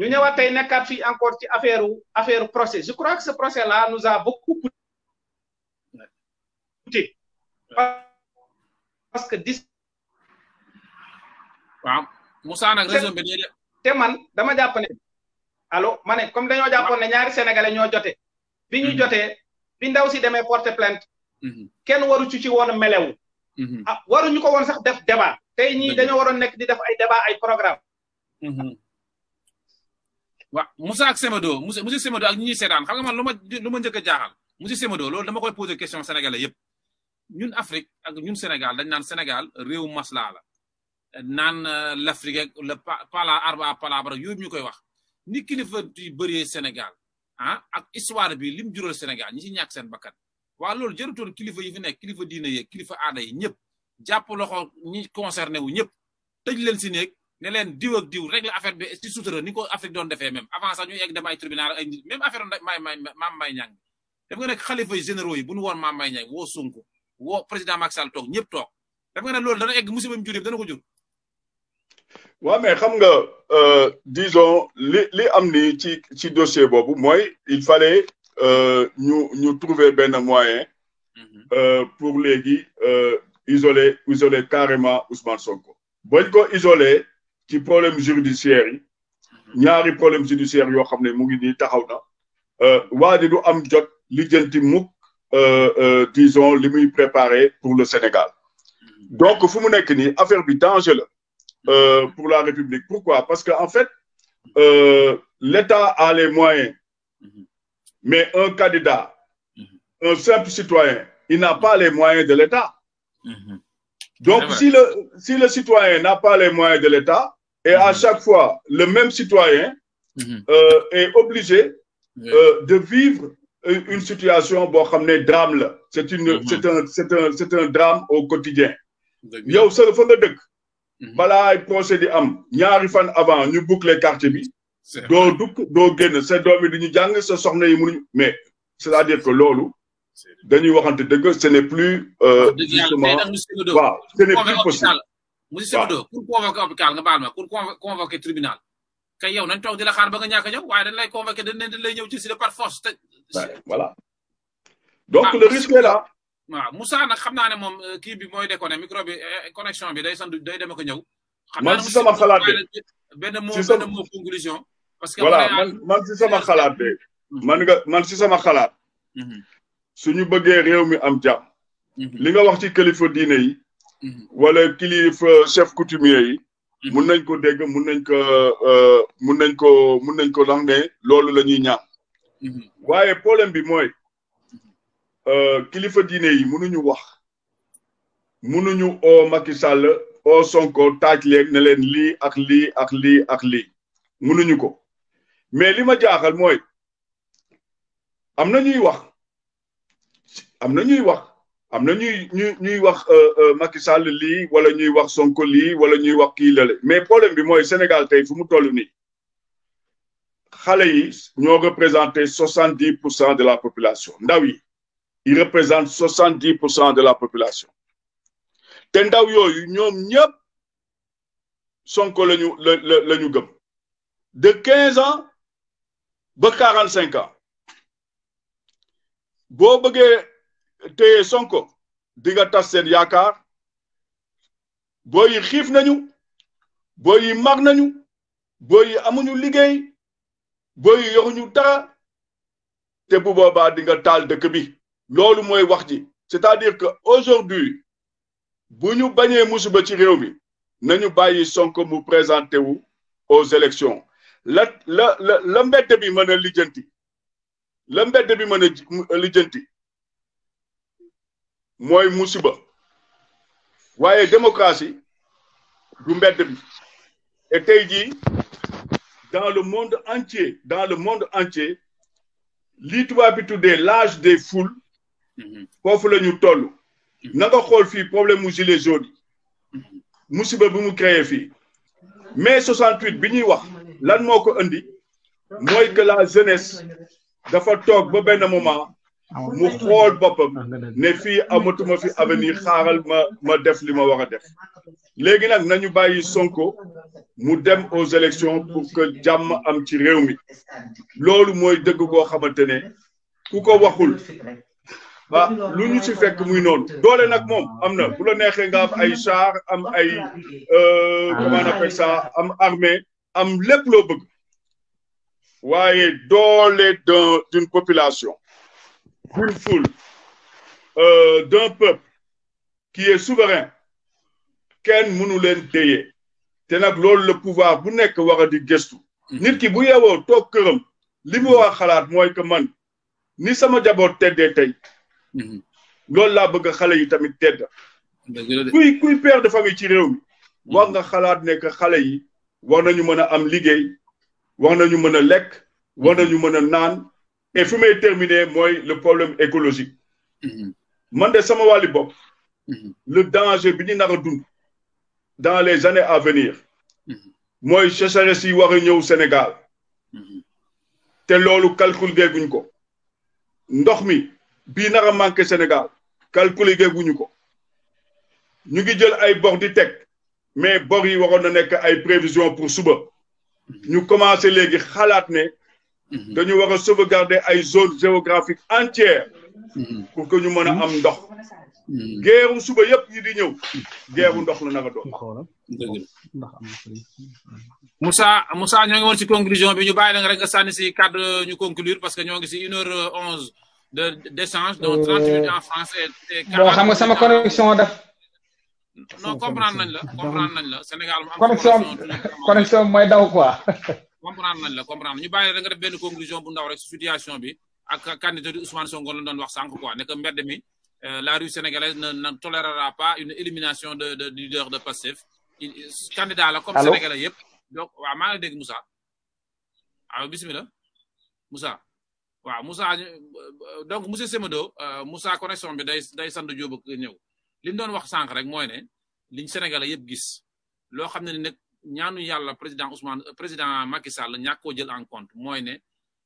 ñu ñëwaat tey nekkaat fii encore ci affaire affaire procès je crois que ce procès là nous a beaucoup coûté que dis waaw Moussa nag réseau te man dama jàpp ne allo ma ne comme dañoo jàppoon ne ñaari sénégalais ñoo jote bi ñu mhm. jotee bi ndaw si demee porter plainte mhm. kenn waru ci ci woon melewu mhm. ah waruñu ko woon sax def débat tey ñii dañoo waroon nekk di def ay débat ay programme waaw Moussa ak Semedo Moussa monsieur Semedo ak ñi ñuy seetaan xam nga man ma lu ma njëkk a jaaxal monsieur Semedo loolu dama koy poser question sénégalais yëpp ñun Afrique ak ñun senegal dañ naan senegal réew maslaa la naan euh, l'Afrique ak le pala arba palabra yooyu ñu koy wax ni kilifa yu bëree Sénégal ah ak histoire bi lim jural Sénégal ñi ci ñàkk seen bakkan waa loolu jarutoon kilifa yi fi nekk kilifa diine yeeg kilifa aada yi ñëpp jàpp loxo ñi concerné wu ñëpp tëj leen si néeg ne leen diw ak diw rek la affaire bi ci sutura ni ko Afrique doon defee même avant sax ñu yegg dem may may maam may ñang daf nga ne xalifa généraux yi bu ñu woon maam may ñang woo Sonko woo président Macky Sall toog ñëpp toog daf lool ne loolu dana egg musiba jur dana ko jur waaw xam nga euh, disons li li am ni ci ci dossier boobu mooy il fallait euh, ñu ñu trouver benn moyen mhm. euh, pour léegi isoler isoler carrément Ousmane Sonko bañ ko isoler ci problème judiciaire yi ñaari problème judiciaire yoo xam ne mu ngi nii taxaw na euh, waa di du am jot lijjanti mukk euh, euh, disons li muy préparé pour le Sénégal donc fu mu nekk nii affaire bi danger la pour la République pourquoi parce que en fait l'État a les moyens mais un candidat un simple citoyen il n'a pas les moyens de l'État mhm. donc si le si le citoyen n'a pas les moyens de l'État Et à chaque fois, le même citoyen mhm. euh, est obligé euh, de vivre euh, une situation boo xam ne drame la c'est une mhm. c'est un c'est un drame au quotidien yow sa fa nga dëkk mhm. balaa procès di am ñaari fan avant ñu boucler quartier bi doo dugg doo génn sa doom yi dañu jàng sa soxna yi mënuñu mais c'est-à-dire que loolu dañuy waxante dëgg ce n'est plus euh, justement waaw ce n'est plus possible monsieur Sémédo pour convoquer hôpital nga baal ma pour convoquer tribunal kay yow nañ toog di la xaar ba nga ñàkk a ñëw waaye dañ lay convoquer dañ leen ci si la te voilà donc ah, le risque est là waaw Moussa nag xam naa ne moom euh, kii bi mooy déconné micro bi euh, connexion bi day sant day dem ak a ñëw xam naa ne si sama benn mot benn parce que voilà man man si hmm. sama xalaat de man si sama xalaat suñu bëggee réew mi am jàmm hmm. li nga wax ci kilifa diine yi Mm-hmm. wala kilifa chef coutumier yi. Mm-hmm. mun nañ ko dégg mun nañ ko euh, mun nañ ko mun nañ ko dax ne loolu la ñuy ñaan. Mm-hmm. waaye problème bi mooy euh, kilifa diine yi mënuñu wax mënuñu oo Macky Sall oo Sonko taaj leen ne leen lii ak lii ak lii ak lii mënuñu ko mais li ma jaaxal mooy am na ñuy wax am na ñuy wax. am na ñuy ñuy ñuy wax euh, euh, Macky Sall lii wala ñuy wax Sonko lii wala ñuy wax kii lale mais problème bi mooy Sénégal tey fu mu toll nii xale yi ñoo représenté soixante dix pour cent de la population ndaw yi ils représentent soixante dix pour cent de la population te ndaw yooyu ñoom ñëpp Sonko lañu la la la ñu gëm de quinze ans ba quarante cinq ans boo bëggee téye Sonko di nga tas seen yaakaar booy xiif nañu booy yi mag nañu booy yi amuñu liggéey booy yi yoxuñu te bu boobaa di nga taal dëkk bi loolu mooy wax ji c'est-à-dire que aujourd'hui bu ñu bañee musiba ci réew bi nañu bàyyi Sonko mu présenté wu aux élections la la la la mbedd bi mën a lijjanti la mbedd bi mën a mooy musiba waaye démocratie du mbedd bi tey jii dans le monde entier dans le monde entier lii tubaab bi tuddee l'âge des foules mhm. foofu la ñu toll mhm. na nga xool fii problème mu gilet jaune yi mhm. musiba bi mu créé fii mai 68 bi ñuy wax lan moo ko indi mooy que la jeunesse dafa toog ba benn moment mu xool boppam ne fii amatuma fi avenir xaaral ma ma def li ma war a def léegi nag nañu bàyyi Sonko mu dem aux élections pour que jàmm am ci réew mi loolu mooy dëgg goo xamante ne ku ko waxul ah lu ñu ci muy noonu doole nag moom am na bu la neexee ay char am ay euh, comment on appelle ça am armée am lépp loo bëgg waaye doole d'un d'une population d'une foule, euh, d'un peuple qui souverain kenn mënu leen téye te nag loolu le pouvoir bu nekk war di gëstu. Mhm. nit ki bu yeewoo toog këram li mu xalaat mooy que man ni sama jaboot teddee tey. Mhm. loolu laa bëgg xale yi tamit tedd. kuy kuy père de famille ci réew mi. Mhm. war nga xalaat ne xale yi war nañu mën a am liggéey war nañu mën a lekk war nañu mën a naan. et fu may terminer mooy le problème écologique mm-hmm. man de sama wàlli bopp mm-hmm. le danger bi ñu nar a dund dans les années à venir mm-hmm. mooy sécheresse yi war a ñëw Sénégal te loolu calcul geeguñ ko ndox mi bii nar a Sénégal calcul geeguñu ko ñu ngi jël ay bor di teg mais bor yi waroon na nekk ay prévision pour suba ñu commencé léegi xalaat ne Mm-hmm. dañu war a sauvegarder ay zones géographiques entières. Mm-hmm. pour que ñu mën am ndox. Mm-hmm. geeru suba yëpp yi di ñëw. geeru ndox la naka doon. Moussa Moussa ñoo ngi woon ci conclusion bi ñu bàyyi la nga rek nga sànni si cadre euh, ñu conclure parce que ñoo ngi si une heure euh, onze de d'échange donc euh, trente minutes en français. bon xam nga sama connexion daf. non comprendre nañ la connexion connexion mooy daw quoi. comprendre nañ la comprendre ñu bàyyi da nga def benn conclusion bu ndaw rek situation bi ak candidat Ousmane Sonko la doon wax sànq quoi ne que mbedd mi euh, la rue sénégalaise ne ne pas une élimination de de leader de Pastef. candidat la comme sénégalais yëpp. donc wa maa ngi dégg Moussa allo bisimilah Moussa. waaw Moussa euh, euh, donc monsieur Semedo Moussa connexion bi day day sant Diop ak ñëw li doon wax sànq rek mooy ne liñ Sénégalais yëpp gis loo xam ne ñaanu yàlla président Ousmane euh, président Macky Sall ñàkkoo jël en compte mooy ne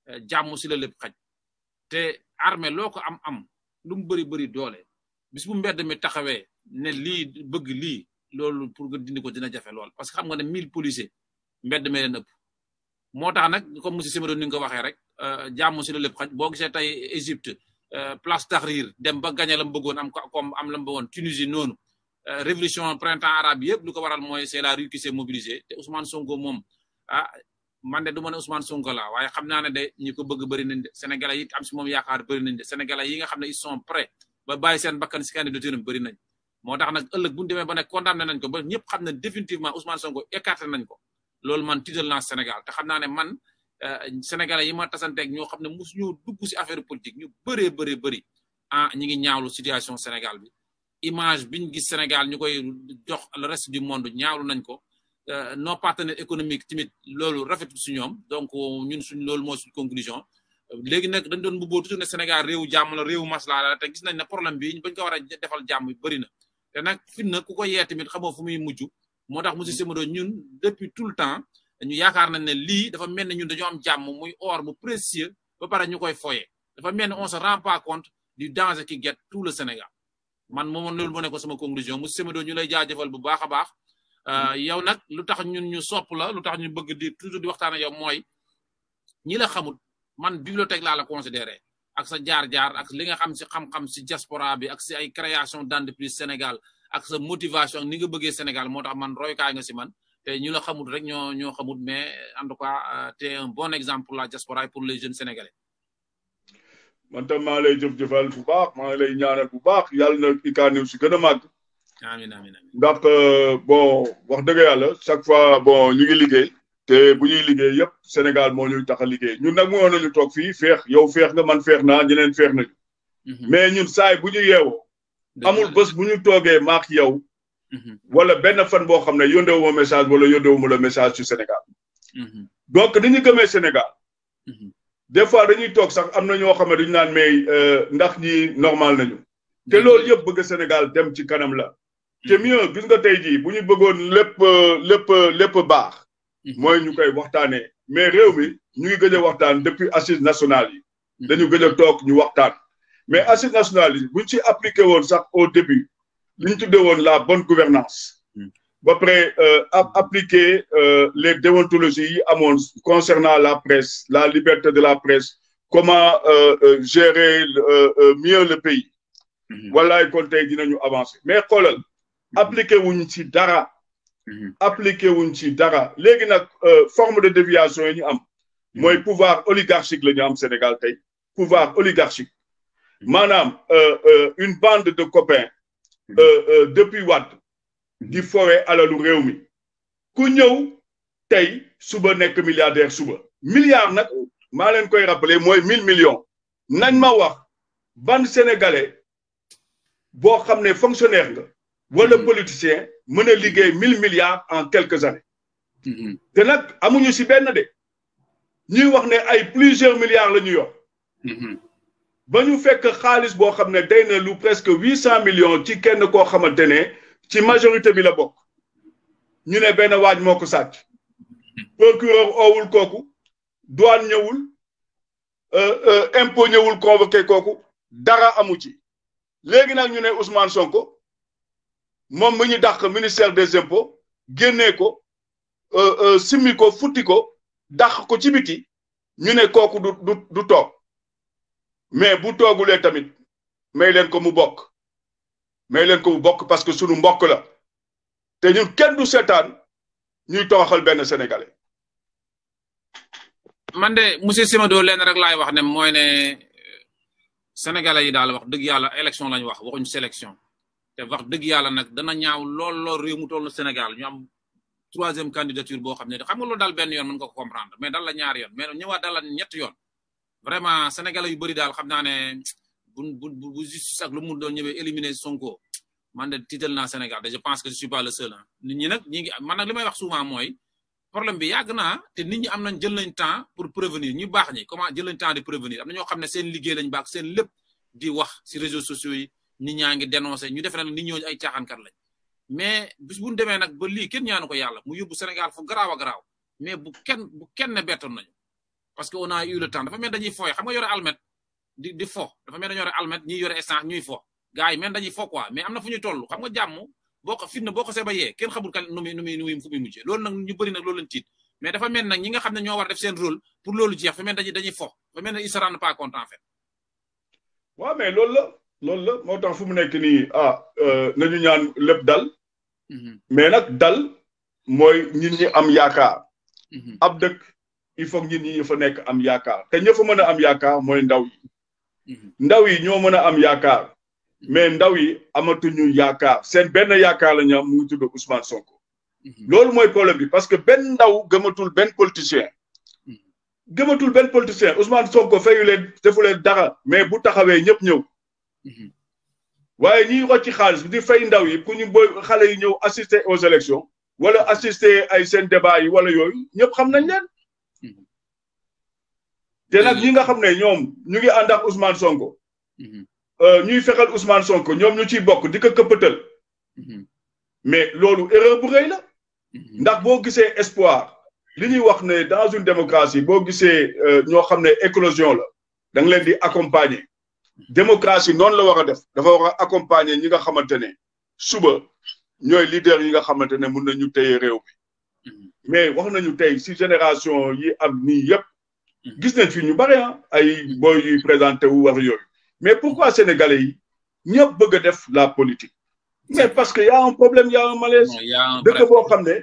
euh, jàmm si la lépp xaj te armée loo ko am am lu mu bëri bëri doole bis bu mbedd mi taxawee ne lii bëgg lii loolu pour nga dindi ko dina jafe lool parce que xam nga ne mille policiers mbedd mee leen ëpp moo tax nag comme monsieur Semedo ni nga ko waxee rek euh, jàmm si la lépp xaj boo gisee tey Égypte place Tahrir dem ba gañe lam bëggoon am comme am lam bëggoon Tunisie noonu Euh, révolution printemps arabe yëpp lu ko waral mooy c'est la rue qui s'est mobilisée te Sonko moom ah man de du ma Sonko la waaye xam naa ne de ñi ko bëgg bëri nañ de yi am si moom yaakaar bëri nañ de Sénégalais nga xam ne ils sont prêts ba bàyyi seen bakkan si candidature bëri nañ moo tax nag ëllëg bu ñu demee ba ne condamné nañ ko ba ñëpp xam ne définitivement Ousmane Sonko écarté nañ ko loolu man tiital naa Sénégal te xam naa man euh, Sénégalais yi ma tasanteeg ñoo xam ne mosuñu dugg si affaire politique ñu bëree bëree bëri ah ñi ngi ñaawlu situation Sénégal bi image biñ gis Sénégal ñu koy jox le rest du monde ñaawlu nañ ko euh, nos partenaires économique tamit loolu rafet si ñoom donc ñun suñ loolu mooy suñ conclusion léegi nag dañ doon mbubboo toujours ne Sénégal réewu jàmm la réewu maslaa la te gis nañ ne problème bi bañ ko war a defal jàmm bëri na te nag na ku ko yee tamit xamoo fu muy mujj moo tax monsieur Sémédo ñun depuis tout le temps ñu yaakaar nañ ne lii dafa mel ne ñun dañoo am jàmm muy or mu précieux ba pare ñu koy foye dafa mel ne on se rend pas compte du danger qui guette le Sénégal man moomoon loolu moo nekkoon sama conclusion mu Semedo ñu lay jaajëfal bu baax a baax euh, yow nag lu tax ñun ñu sopp la lu tax ñu bëgg di toujours di waxtaan ak yow mooy ñi la xamul man bibliothèque laa la considéré ak sa jaar-jaar ak li nga xam si xam si diaspora bi ak si ay création d'entreprise Sénégal ak sa motivation ni nga bëggee Sénégal moo tax man roykaay nga si man te ñu la xamul rek ñoo ñoo xamul mais en tout cas euh, te un bon exemple pour la diaspora pour les jeunes sénégalais man tam lay jëf-jëfal bu baax ñaanal bu baax yàlla na Ika News si gën a màgg. amiin amiin amiin ndax euh, bon wax dëgg yàlla chaque fois bon ñu ngi liggéey. te bu ñuy liggéey yëpp Sénégal moo ñuy tax a liggéey ñun nag mënoon nañu toog fii feex yow feex nga man feex naa ñeneen feex nañu. Mm-hmm. mais ñun saay bu ñu yeewoo. amul bés bu ñu toogee maax yow. Mm-hmm. wala benn fan boo xam ne yóndewu ma message wala yóndewu ma la message ci Sénégal. Mm-hmm. donc ni ñu gëmee Sénégal. des fois dañuy toog sax am na ñoo xam dañu naan mais euh, ndax ñi normal nañu te loolu yëpp bëgg Sénégal dem ci kanam la hmm. te mieux gis nga tey jii bu ñu bëggoon lépp euh, lépp euh, lépp baax hmm. mooy ñu koy waxtaanee mais réew mi ñu ngi gëj a waxtaan depuis assises nationales yi hmm. dañu gëj a toog ñu waxtaan mais assises nationales yi ñu ci appliqué woon sax au début li ñu tudde woon la bonne gouvernance ba pare euh, appliquer euh, les déontologies yi amoon concernant la presse la liberté de la presse comment euh, gérer mieux le pays wallaay mm-hmm. kon tey dinañu avancer mais xoolal mm-hmm. appliqué wuñ ci dara mm-hmm. appliqué wuñ ci dara léegi nag forme de déviation yi ñu am mooy pouvoir oligarchique la ñu am Sénégal tey pouvoir oligarchique maanaam une bande de copains depuis Wade di fowe alalu réew mi ku ñëw tey suba nekk milliardaire suba milliard nag maa leen koy rappeler mooy mille millions nañ ma wax ban sénégalais boo xam ne fonctionnaire nga wala mm-hmm. politicien mën a liggéey mille milliards en quelques années mm-hmm. te nag amuñu si benn de ñuy wax ne ay plusieurs milliards la ñu yor mm-hmm. ba ñu fekk xaalis boo xam ne day na lu presque huit cent millions ci kenn koo xamante ne ci majorité bi la bokk ñu ne benn waaj moo ko sàcc procureur oowul kooku douane ñëwul euh, euh, impôt ñëwul convoqué kooku dara amu ci léegi nag ñu ne Ousmane Sonko moom mi ñu dàq ministère des impôts génnee ko euh, simmi ko futti ko dàq ko ci biti ñu ne kooku du du du toog mais bu toogulee tamit may leen ko mu bokk may leen ko bokk parce que sunu mbokk la te ñun kenn du seetaan ñuy toroxal benn sénégalais. man de monsieur Semedo leen rek laay wax ne mooy ne sénégalais yi daal wax dëgg yàlla élection lañ wax waxuñ sélection te wax dëgg yàlla nag dana ñaaw lool lool réew mu toll na Sénégal ñu am troisième candidature boo xam ne xam nga loolu daal benn yoon mën nga ko comprendre mais dal la ñaari yoon mais ñëwaat dal la ñett yoon vraiment sénégalais yu bëri xam naa bu bu bu justice ak lu mu doon éliminer Sonko man de tiital Sénégal te pense que je suis pas le seul ah nit ñi nag ñi ngi man nag problème bi yàgg naa te nit ñi am nañ jël nañ temps pour prévenir ñu baax ñi comment jël nañ temps di prévenir am na ñoo xam ne seen liggéey lañ baax seen di wax si réseaux sociaux yi nit ñaa ngi dénoncé ñu defe nag nit ñooñu ay caaxaankat lañ mais bis bu ñu demee nag ba lii ko yàlla mu yóbbu Sénégal fu garaaw a garaaw mais bu kenn bu kenn bettoon nañu parce que on a eu le temps di di fo dafa mel dañoo yore almet ñi yore essence ñuy fo gars yi même dañuy fo quoi mais am na fu ñuy toll xam nga jàmm boo ko fitna boo ko see ba yee kenn xamul kan nu muy nu muy nu muy fu muy mujjee loolu nag ñu bëri nag loolu lañ tiit mais dafa mel nag fo fa mel waaw mais loolu la loolu la moo tax fu mu nekk nii ah euh, nañu lépp dal. Mhm. mais nag dal mooy ñit ñi am yaakaar. Mhm. ab dëkk il faut ñit ñi fa nekk am yaakaar te ña mën a am yaakaar mooy ndaw yi. Mhm. ndaw yi ñoo mën a am yaakaar mhm. mais ndaw yi ñu yaakaar seen benn yaakaar la ñu am mu ngi tudd Ousmane Sonko. Mhm. loolu mooy problème bi parce que benn ndaw gëmatul benn politicien. gëmatul benn politicien Ousmane Sonko fayu leen defu leen dara mais bu taxawee ñëpp ñëw. waaye ñiy rocci xaalis bi di fay ndaw yi pour ñu booy xale yi ñëw assister aux élections wala assister ay sen débat yi wala yooyu ñëpp xam nañ leen. te nag ñi nga xam ne ñoom ñu ngi ànd ak Ousmane Sonko. Euh, ñuy fexeel Ousmane Sonko ñoom ñu ciy bokk di ko këppatal. mais loolu erreur bu rëy la. ndax boo gisee espoir li ñuy wax ne dans une démocratie boo gisee euh, ñoo xam ne éclosion la da nga di accompagner. démocratie noonu la war a def dafa war a accompagner ñi nga xamante ne suba ñooy leader yi nga xamante ne mun nañu téye réew mi mm-hmm. mais wax nañu tey si génération yi am nii yëpp. Mm-hmm. gis nañ fi ñu bëri ah ay booy yuy présenté wu war yooyu mais pourquoi sénégalais yi ñëpp bëgg a def la politique. mais mm-hmm. parce que y' a un problème y' a un malaise. dëkk boo xam ne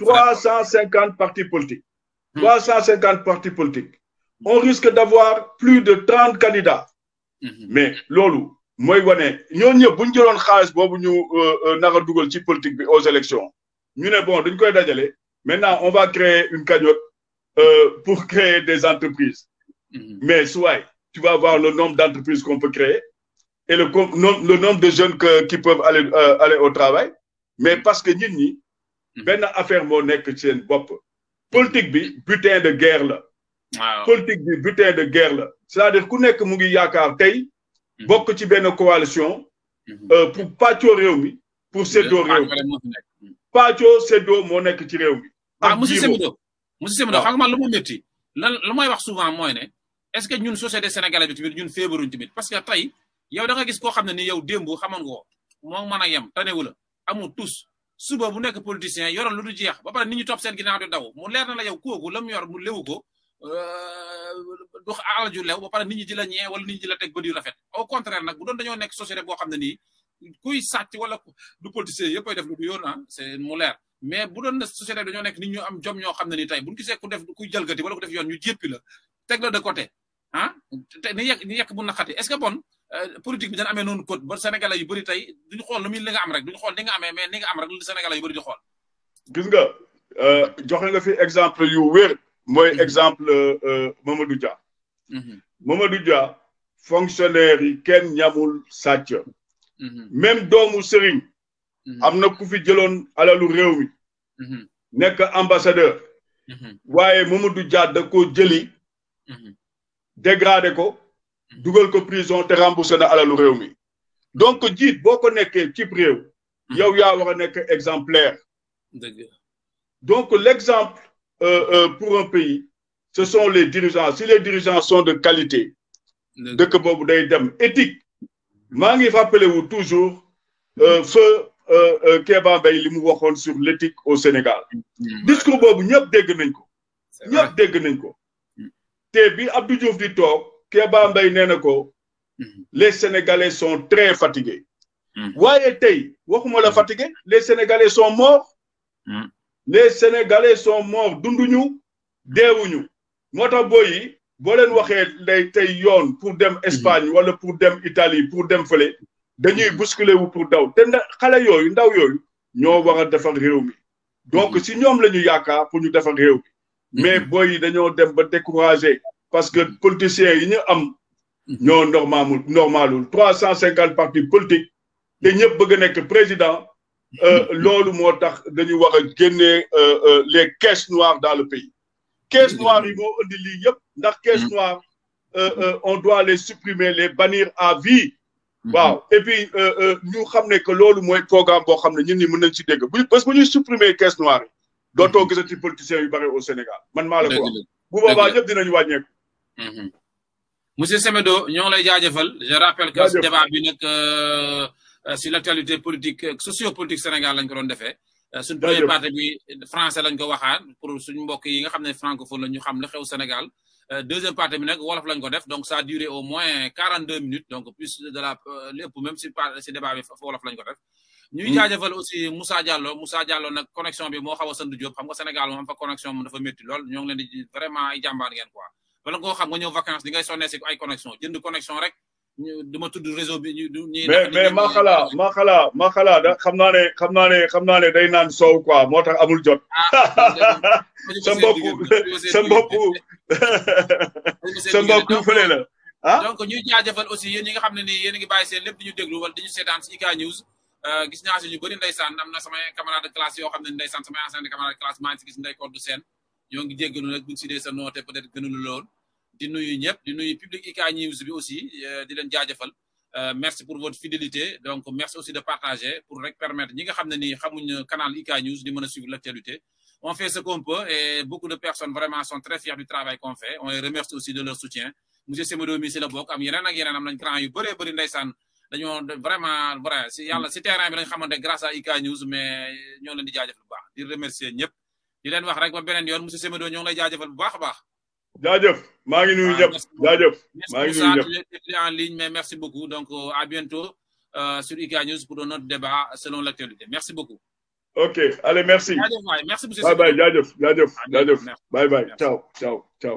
trois cent cinquante partis politiques. Mm-hmm. trois cent cinquante partis politiques. on risque d' avoir plus de trente candidats. mais loolu mooy wane ñooñu ñëpp bu ñu jëloon xaalis boobu ñu euh, euh, nar a dugal ci politique bi aux élections ñu ne bon dañ koy dajale maintenant on va créer une cagnotte. euh, pour créer des entreprises. Mhm. Mais soit tu vas voir le nombre d'entreprises qu'on peut créer et le, le nombre de jeunes que, qui peuvent aller, euh, au travail. Mais parce que nous, ni mhm. ben affaire nekk ci tien bop. Politique bi butin de guerre la Wow. Politique bi butin de guerre la C'est-à-dire qu'on nek mu ngi yakar tey mhm. bokk ci ben coalition euh, pour patio réew mi pour sédo réew. Patio sédo mo nekk ci réew mi. Ah monsieur Semido monsieur Sémba xam nga man lu mu métti lan lu may wax souvent mooy est que ñun société sénégalaise bi tamit ñun feebaruñ tamit parce que tey yow da nga gis koo xam ne ni yow a yem tanewu la amul tus suba bu nekk yoro yoroon lu du jeex ba pare nit ñu topp seen ginnaaw di daw na la yow kooku la ko euh, du alal ju lew ba pare nit ñi di la ñee wala nit ñi di la teg bët yu au contraire nag bu doon nekk société boo xam ne nii kuy sàcc wala du politicien yëppay def lu ah, mu leer mais bu doon na société bi dañoo nekk nit ñu am jom ñoo xam ne ni tey bu ñu gisee ku def ku jalgati wala ku def yoon ñu jéppi la de côté ah ni yekk bu naqati est-ce que bon euh, politique bi dana amee noonu code ba sénégalais yu bëri tey duñu xool lu muy li nga am rek duñu xool li nga amee mais ni nga am rek lu sénégalais yu bëri di xool gis nga euh, joxe nga fi exemple yu wér mooy mhm. exemple euh, Mamadou Dia mhm. Mamadou Dia fonctionnaire yi kenn ñamul sàcc mhm. même doomu sëriñ am na ku fi jëloon alalu réew mi Mm-hmm. nekk ambassadeur. Mm-hmm. waaye Mamadou Dia da jëli. Mm-hmm. dégradé ko. dugal ko prison te remboursé na alalu réew mi. donc jiit boo ko nekkee cib réew. yow yaa war a nekk exemplaire. donc l'exemple euh, euh, pour un pays ce sont les dirigeants si les dirigeants son de qualité. dëkk boobu day dem éthique. maa ngi wu toujours euh, feu Euh, euh, Kéba Mbaye li mu waxoon sur l'éthique au Sénégal mm. Mm. discours boobu ñëpp dégg nañ ko ñëpp dégg nañ ko mm. te bi Abdou Diouf di toog Kéba Mbaye nee na ko les Sénégalais son très fatigués waaye tey waxuma la fatigué les Sénégalais son morts les Sénégalais sont morts dunduñu deewuñu moo tax booy yi boo leen waxee day tey yoon pour dem Espagne wala pour dem Italie pour dem fële dañuy bousculer wu pour daw te xale yooyu ndaw yooyu ñoo war a defar réew mi donc mhm. si ñoom la ñu yaakaar pour ñu defar réew mi mhm. mais boy yi dañoo dem ba découragé parce que politiciens yi ñu am mhm. ñoo normalul normalul trois cent cinquante partis politiques te ñëpp bëgg a nekk président euh, loolu moo tax dañu war a génnee euh, euh, les caisses noires dans le pays caisses noires yi moo indi lii yëpp ndax caisses noires on doit les supprimer les bannir à vie Mm-hmm. waaw et puis euh, euh, ñu xam ne que loolu mooy programme boo xam ne ñun ñi mën nañ ci dégg bu parce que bu ñuy supprimer caisse noire yi. dootoo mm-hmm. gisati politiciens yu bari au Sénégal man maa la ko wax. bu boobaa ñëpp dinañ wàññeeku. Mm-hmm. monsieur Semedo ñoo ngi lay jaajëfal je rappelle que débat bi nag euh, sur l' actualité politique sociopolitique Sénégal lañ ko doon defee. Euh, suñ première partie bi français lañ ko waxaan pour suñ mbokk nga xam ne francophone la xew Sénégal euh, deuxième partie bi nag wolof lañ ko def donc ça a au moins quarante deux minutes donc plus de la euh, lépp même si ko def ñuy hmm. jaajëfal aussi Moussa Diallo Moussa Diallo nag connexion bi moo xaw a sënd xam nga Sénégal moom fa connexion moom dafa métti lool ñoo ngi vraiment ay jàmbaar ngeen quoi bala xam nga ñëw vacances di ngay si ay connexion jënd connexion rek du ma tudd réseau bi ñu. ma mais mais Makhala Makhala Makhala da xam naa ne xam naa ne xam naa ne day naan soow quoi moo tax amul jot. sa mbokk sa mbokk sa mbokk fële la ah. donc ñuy a ngi bàyyi ñu déglu wala di ñu seetaan euh, si IK ñu bëri ndeysaan am na samay camarade de classe yoo xam ne ndeysaan samay ancien camarade de classe maa ngi si gis ndey Kodou Sène ñoo ngi jéggalu nag bu ñu si dee sa di nuyu ñëpp di nuyu public IK News bi aussi euh, di leen jaajëfal euh, merci pour votre fidélité donc merci aussi de partager pour rek permettre ñi xam ne ni xamuñ canal IK News di mën suivre l'actualité on fait ce et beaucoup de personnes vraiment sont très fiers du travail qu'on fait on les remercie aussi de leur soutien monsieur Semedo mi si am yeneen ak am nañ grand yu bëree bëri ndeysaan vraiment vrai si terrain bi lañ xamante grâce à IK jaajëf maa ngi nuyu ñëpp jaajëf maa ngi nuyu ñëpp en ligne mais merci beaucoup donc euh, à bientôt euh, sur IK News pour un autre débat selon l'actualité merci beaucoup ok allez merci jaajëf waay merci monsieur bye bye jaajëf jaajëf jaajëf bye bye ciao